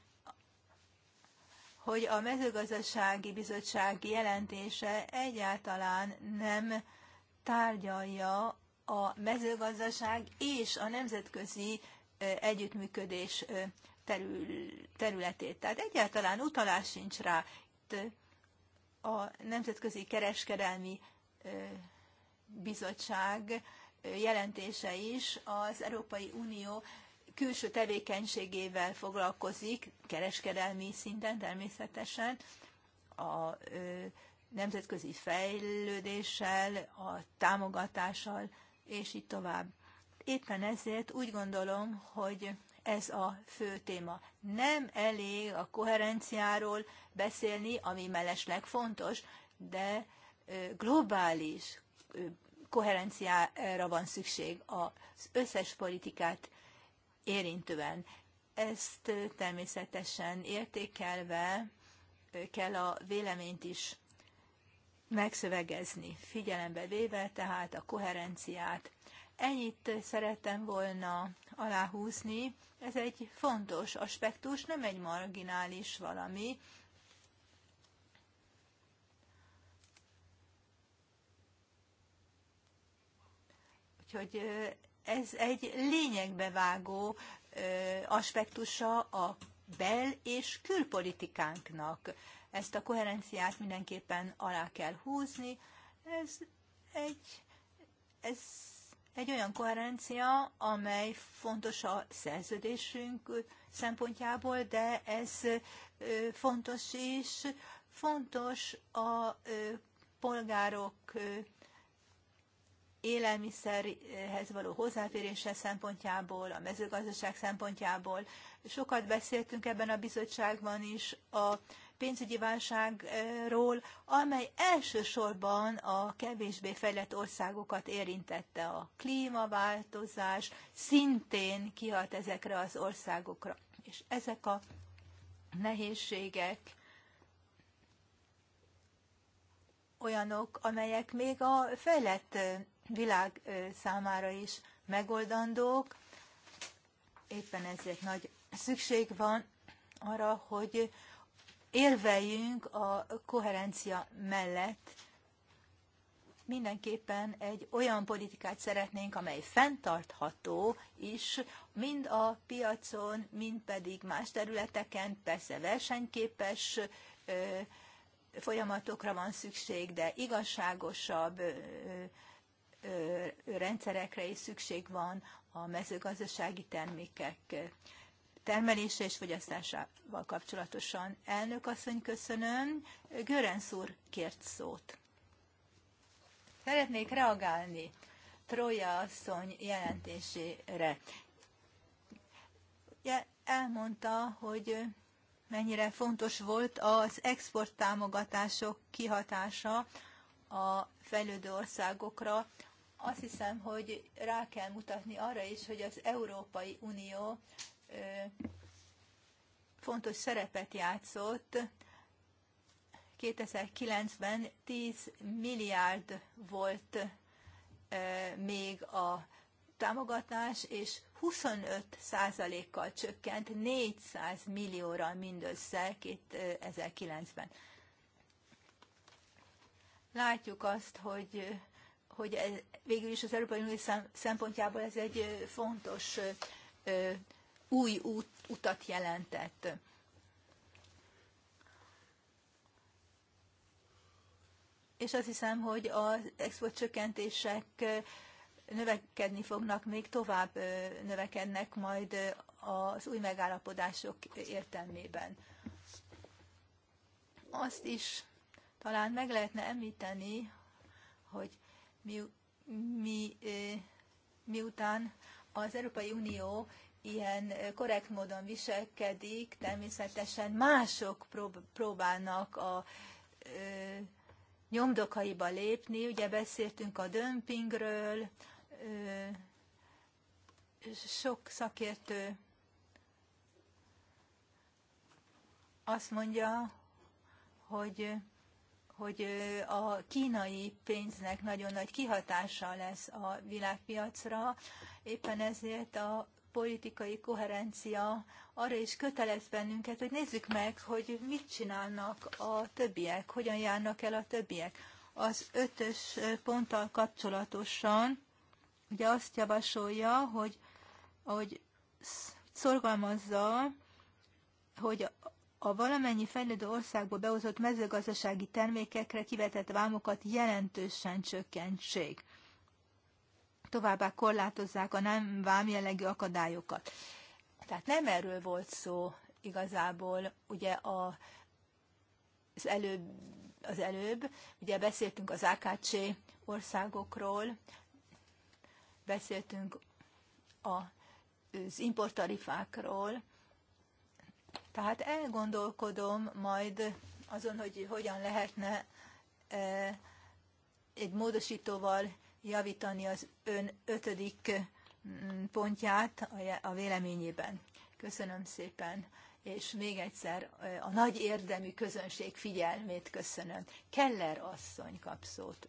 hogy a mezőgazdasági bizottsági jelentése egyáltalán nem tárgyalja a mezőgazdaság és a nemzetközi együttműködés területét. Tehát egyáltalán utalás sincs rá. Itt a Nemzetközi Kereskedelmi Bizottság jelentése is az Európai Unió külső tevékenységével foglalkozik, kereskedelmi szinten természetesen, a nemzetközi fejlődéssel, a támogatással és így tovább. Éppen ezért úgy gondolom, hogy ez a fő téma. Nem elég a koherenciáról beszélni, ami mellesleg fontos, de globális koherenciára van szükség az összes politikát érintően. Ezt természetesen értékelve kell a véleményt is megszövegezni, figyelembe véve tehát a koherenciát. Ennyit szerettem volna aláhúzni. Ez egy fontos aspektus, nem egy marginális valami. Úgyhogy ez egy lényegbe vágó aspektusa a bel- és külpolitikánknak. Ezt a koherenciát mindenképpen alá kell húzni. Ez egy, ez egy olyan koherencia, amely fontos a szerződésünk szempontjából, de ez fontos is, fontos a polgárok élelmiszerhez való hozzáférése szempontjából, a mezőgazdaság szempontjából. Sokat beszéltünk ebben a bizottságban is a pénzügyi válságról, amely elsősorban a kevésbé fejlett országokat érintette. A klímaváltozás szintén kihat ezekre az országokra. És ezek a nehézségek olyanok, amelyek még a fejlett világ számára is megoldandók. Éppen ezért nagy szükség van arra, hogy érveljünk a koherencia mellett. Mindenképpen egy olyan politikát szeretnénk, amely fenntartható is, mind a piacon, mind pedig más területeken, persze versenyképes folyamatokra van szükség, de igazságosabb rendszerekre is szükség van a mezőgazdasági termékek termelése és fogyasztásával kapcsolatosan. Elnök asszony, köszönöm. Görenc úr kért szót. Szeretnék reagálni Troja asszony jelentésére. elmondta, hogy mennyire fontos volt az export támogatások kihatása a fejlődő országokra. Azt hiszem, hogy rá kell mutatni arra is, hogy az Európai Unió fontos szerepet játszott. 2009-ben 10 milliárd volt még a támogatás, és 25 százalékkal csökkent 400 millióra mindössze 2009-ben. Látjuk azt, hogy, hogy ez, végül is az Európai Unió szempontjából ez egy fontos új út, utat jelentett. És azt hiszem, hogy az export csökkentések növekedni fognak, még tovább növekednek majd az új megállapodások értelmében. Azt is talán meg lehetne említeni, hogy mi, mi, miután az Európai Unió ilyen korrekt módon viselkedik, természetesen mások próbálnak a ö, nyomdokaiba lépni. Ugye beszéltünk a dömpingről, ö, sok szakértő azt mondja, hogy hogy a kínai pénznek nagyon nagy kihatása lesz a világpiacra, éppen ezért a politikai koherencia arra is kötelez bennünket, hogy nézzük meg, hogy mit csinálnak a többiek, hogyan járnak el a többiek. Az ötös ponttal kapcsolatosan ugye azt javasolja, hogy, hogy szorgalmazza, hogy a valamennyi fejlődő országból behozott mezőgazdasági termékekre kivetett vámokat jelentősen csökkentsék továbbá korlátozzák a nem vámjellegű akadályokat. Tehát nem erről volt szó igazából, ugye a, az előbb, az előbb, ugye beszéltünk az AKC országokról, beszéltünk a, az importtarifákról, tehát elgondolkodom majd azon, hogy hogyan lehetne eh, egy módosítóval javítani az ön ötödik mm, pontját a véleményében. Köszönöm szépen, és még egyszer a nagy érdemű közönség figyelmét köszönöm. Keller asszony kap szót.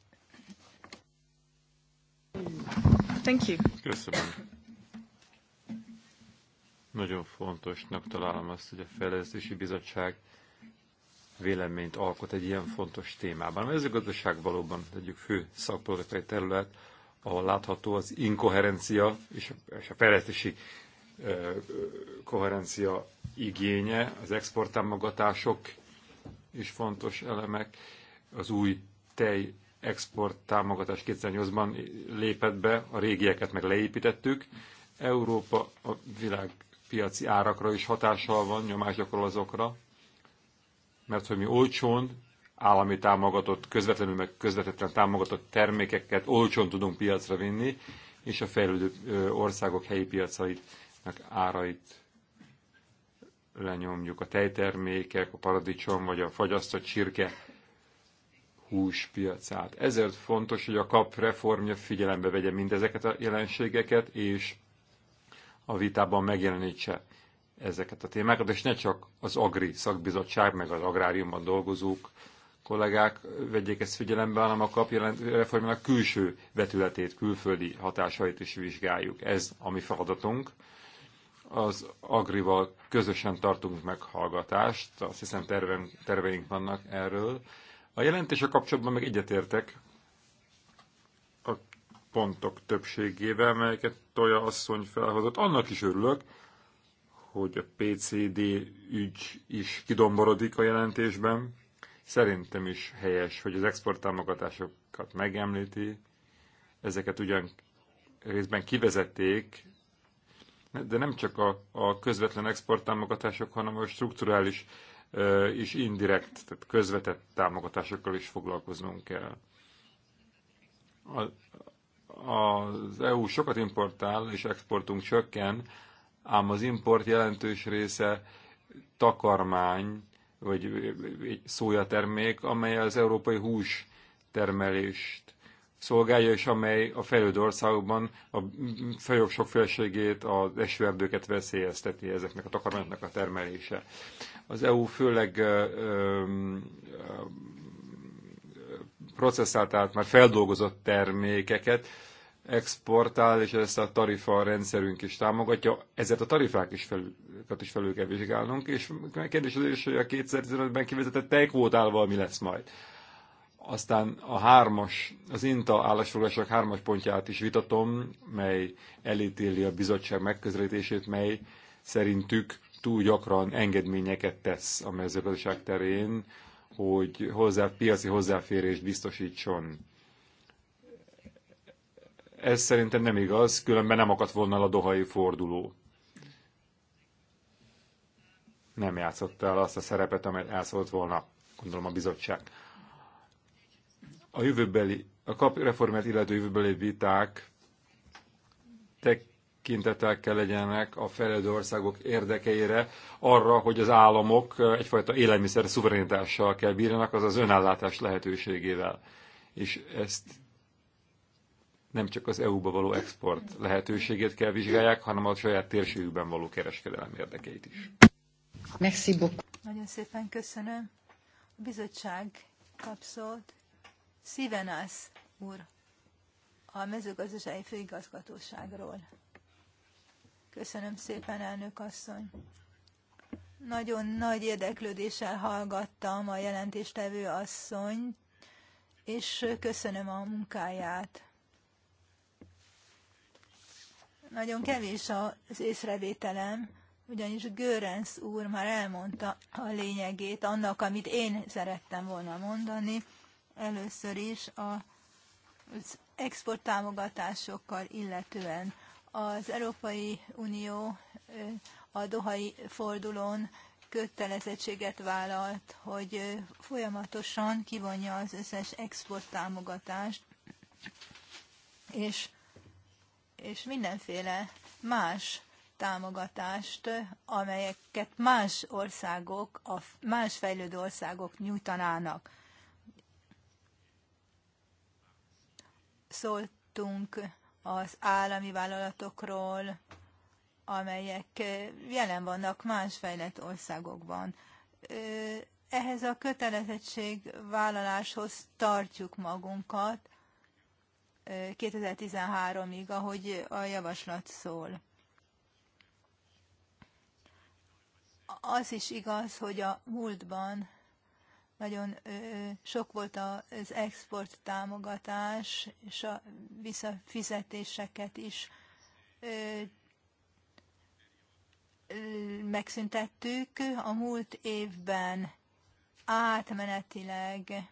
Thank you. Köszönöm. Nagyon fontosnak találom azt, hogy a Fejlesztési Bizottság véleményt alkot egy ilyen fontos témában. a mezőgazdaság valóban egyik fő szakpolitikai terület, ahol látható az inkoherencia és a, és a fejlesztési koherencia igénye, az exporttámogatások is fontos elemek, az új tej export támogatás 2008-ban lépett be, a régieket meg leépítettük. Európa a világpiaci árakra is hatással van, nyomás gyakorol azokra, mert hogy mi olcsón, állami támogatott, közvetlenül meg közvetetlen támogatott termékeket olcsón tudunk piacra vinni, és a fejlődő országok helyi piacait, meg árait lenyomjuk. A tejtermékek, a paradicsom vagy a fagyasztott csirke húspiacát. Ezért fontos, hogy a kap reformja figyelembe vegye mindezeket a jelenségeket, és a vitában megjelenítse ezeket a témákat, és ne csak az Agri szakbizottság, meg az agráriumban dolgozók, kollégák vegyék ezt figyelembe, hanem a kap reformjának külső vetületét, külföldi hatásait is vizsgáljuk. Ez a mi feladatunk. Az Agrival közösen tartunk hallgatást, azt hiszem terveink, terveink vannak erről. A jelentése kapcsolatban meg egyetértek a pontok többségével, melyeket Toja asszony felhozott. Annak is örülök, hogy a PCD ügy is kidomborodik a jelentésben. Szerintem is helyes, hogy az exporttámogatásokat megemlíti. Ezeket ugyan részben kivezették, de nem csak a, a közvetlen exporttámogatások, hanem a strukturális és indirekt, tehát közvetett támogatásokkal is foglalkoznunk kell. A, az EU sokat importál, és exportunk csökken, ám az import jelentős része takarmány, vagy szójatermék, amely az európai hús termelést szolgálja, és amely a fejlődő országokban a fejlődő sokféleségét, az esőerdőket veszélyezteti ezeknek a takarmányoknak a termelése. Az EU főleg processzált, tehát már feldolgozott termékeket exportál, és ezt a tarifa rendszerünk is támogatja, ezért a tarifák is felül, is felül kell vizsgálnunk, és kérdés az is, hogy a 2015-ben kivezetett tejkvótával mi lesz majd. Aztán a hármas, az INTA állásfoglalások hármas pontját is vitatom, mely elítéli a bizottság megközelítését, mely szerintük túl gyakran engedményeket tesz a mezőgazdaság terén, hogy hozzá, piaci hozzáférést biztosítson ez szerintem nem igaz, különben nem akadt volna a dohai forduló. Nem játszott el azt a szerepet, amely elszólt volna, gondolom a bizottság. A jövőbeli, a kap reformát illető jövőbeli viták tekintetel kell legyenek a fejlődő országok érdekeire, arra, hogy az államok egyfajta élelmiszer szuverenitással kell bírjanak, az az önállátás lehetőségével. És ezt nem csak az EU-ba való export lehetőségét kell vizsgálják, hanem a saját térségükben való kereskedelem érdekeit is. Merci beaucoup. Nagyon szépen köszönöm. A bizottság kapszolt. Szívenász úr a mezőgazdasági főigazgatóságról. Köszönöm szépen, elnök asszony. Nagyon nagy érdeklődéssel hallgattam a jelentéstevő asszony és köszönöm a munkáját. Nagyon kevés az észrevételem, ugyanis Görens úr már elmondta a lényegét annak, amit én szerettem volna mondani. Először is a, az exporttámogatásokkal illetően az Európai Unió a Dohai fordulón kötelezettséget vállalt, hogy folyamatosan kivonja az összes exporttámogatást, és és mindenféle más támogatást, amelyeket más országok, a más fejlődő országok nyújtanának. Szóltunk az állami vállalatokról, amelyek jelen vannak más fejlett országokban. Ehhez a kötelezettség vállaláshoz tartjuk magunkat, 2013-ig, ahogy a javaslat szól. Az is igaz, hogy a múltban nagyon sok volt az export támogatás, és a visszafizetéseket is megszüntettük. A múlt évben átmenetileg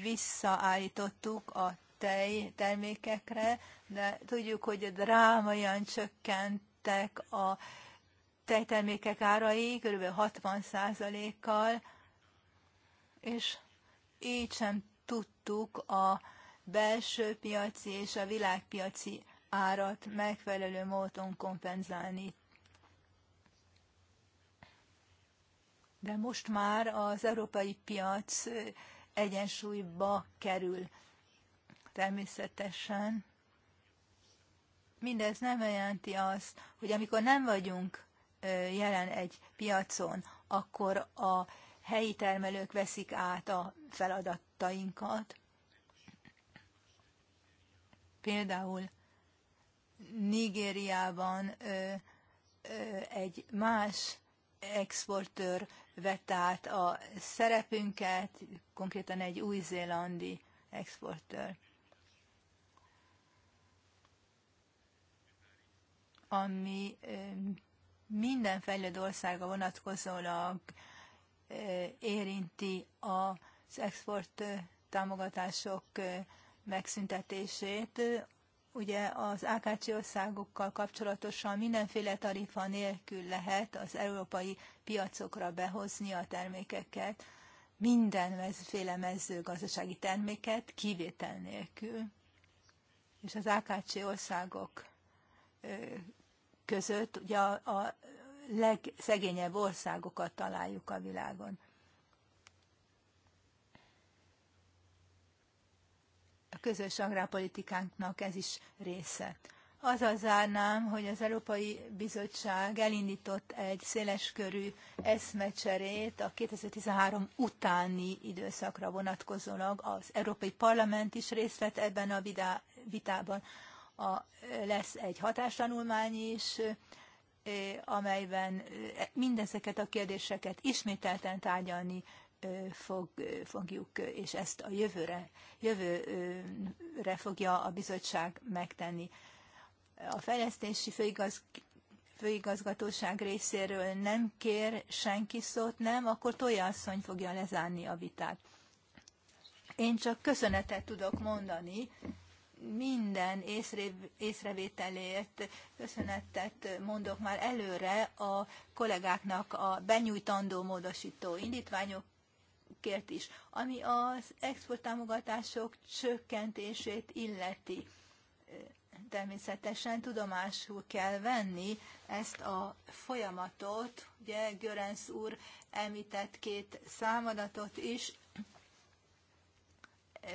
visszaállítottuk a tej termékekre, de tudjuk, hogy a drámaian csökkentek a tejtermékek árai, kb. 60%-kal, és így sem tudtuk a belső piaci és a világpiaci árat megfelelő módon kompenzálni. De most már az európai piac egyensúlyba kerül. Természetesen mindez nem jelenti azt, hogy amikor nem vagyunk jelen egy piacon, akkor a helyi termelők veszik át a feladatainkat. Például Nigériában egy más exportőr vette át a szerepünket, konkrétan egy új-zélandi exportőr. ami minden fejlődő országa vonatkozólag érinti az export támogatások megszüntetését. Ugye az AKC országokkal kapcsolatosan mindenféle tarifa nélkül lehet az európai piacokra behozni a termékeket, mindenféle mezőgazdasági terméket kivétel nélkül. És az AKC országok között ugye a, a legszegényebb országokat találjuk a világon. A közös agrárpolitikánknak ez is része. Azzal zárnám, hogy az Európai Bizottság elindított egy széleskörű eszmecserét a 2013 utáni időszakra vonatkozólag. Az Európai Parlament is részt vett ebben a vitában a, lesz egy hatástanulmány is, amelyben mindezeket a kérdéseket ismételten tárgyalni fog, fogjuk, és ezt a jövőre, jövőre fogja a bizottság megtenni. A fejlesztési főigaz, főigazgatóság részéről nem kér senki szót, nem, akkor Tolja asszony fogja lezárni a vitát. Én csak köszönetet tudok mondani minden észre, észrevételért köszönetet mondok már előre a kollégáknak a benyújtandó módosító indítványokért is, ami az exporttámogatások csökkentését illeti. Természetesen tudomásul kell venni ezt a folyamatot. Ugye Görensz úr említett két számadatot is,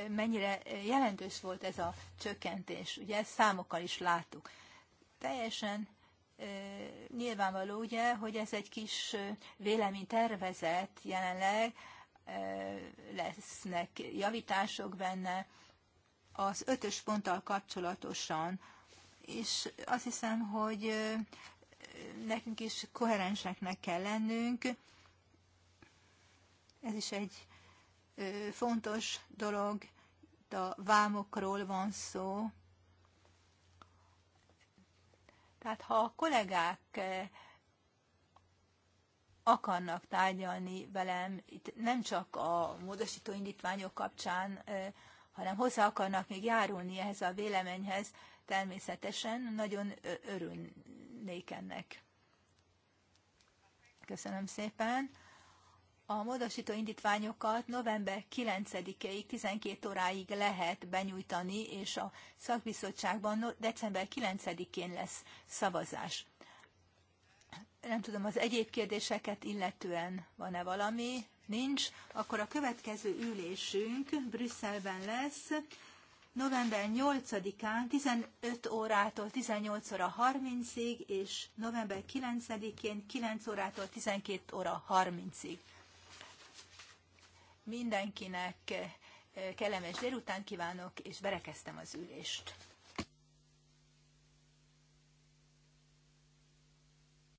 mennyire jelentős volt ez a csökkentés. Ugye ezt számokkal is láttuk. Teljesen nyilvánvaló, ugye, hogy ez egy kis véleménytervezet jelenleg, lesznek javítások benne az ötös ponttal kapcsolatosan, és azt hiszem, hogy nekünk is koherenseknek kell lennünk. Ez is egy fontos dolog, a vámokról van szó. Tehát ha a kollégák akarnak tárgyalni velem, itt nem csak a módosító indítványok kapcsán, hanem hozzá akarnak még járulni ehhez a véleményhez, természetesen nagyon örülnék ennek. Köszönöm szépen. A módosító indítványokat november 9-ig 12 óráig lehet benyújtani, és a szakbizottságban december 9-én lesz szavazás. Nem tudom, az egyéb kérdéseket illetően van-e valami? Nincs. Akkor a következő ülésünk Brüsszelben lesz november 8-án 15 órától 18 óra 30-ig, és november 9-én 9 órától 12 óra 30-ig. Mindenkinek eh, kellemes délután kívánok, és berekeztem az ülést.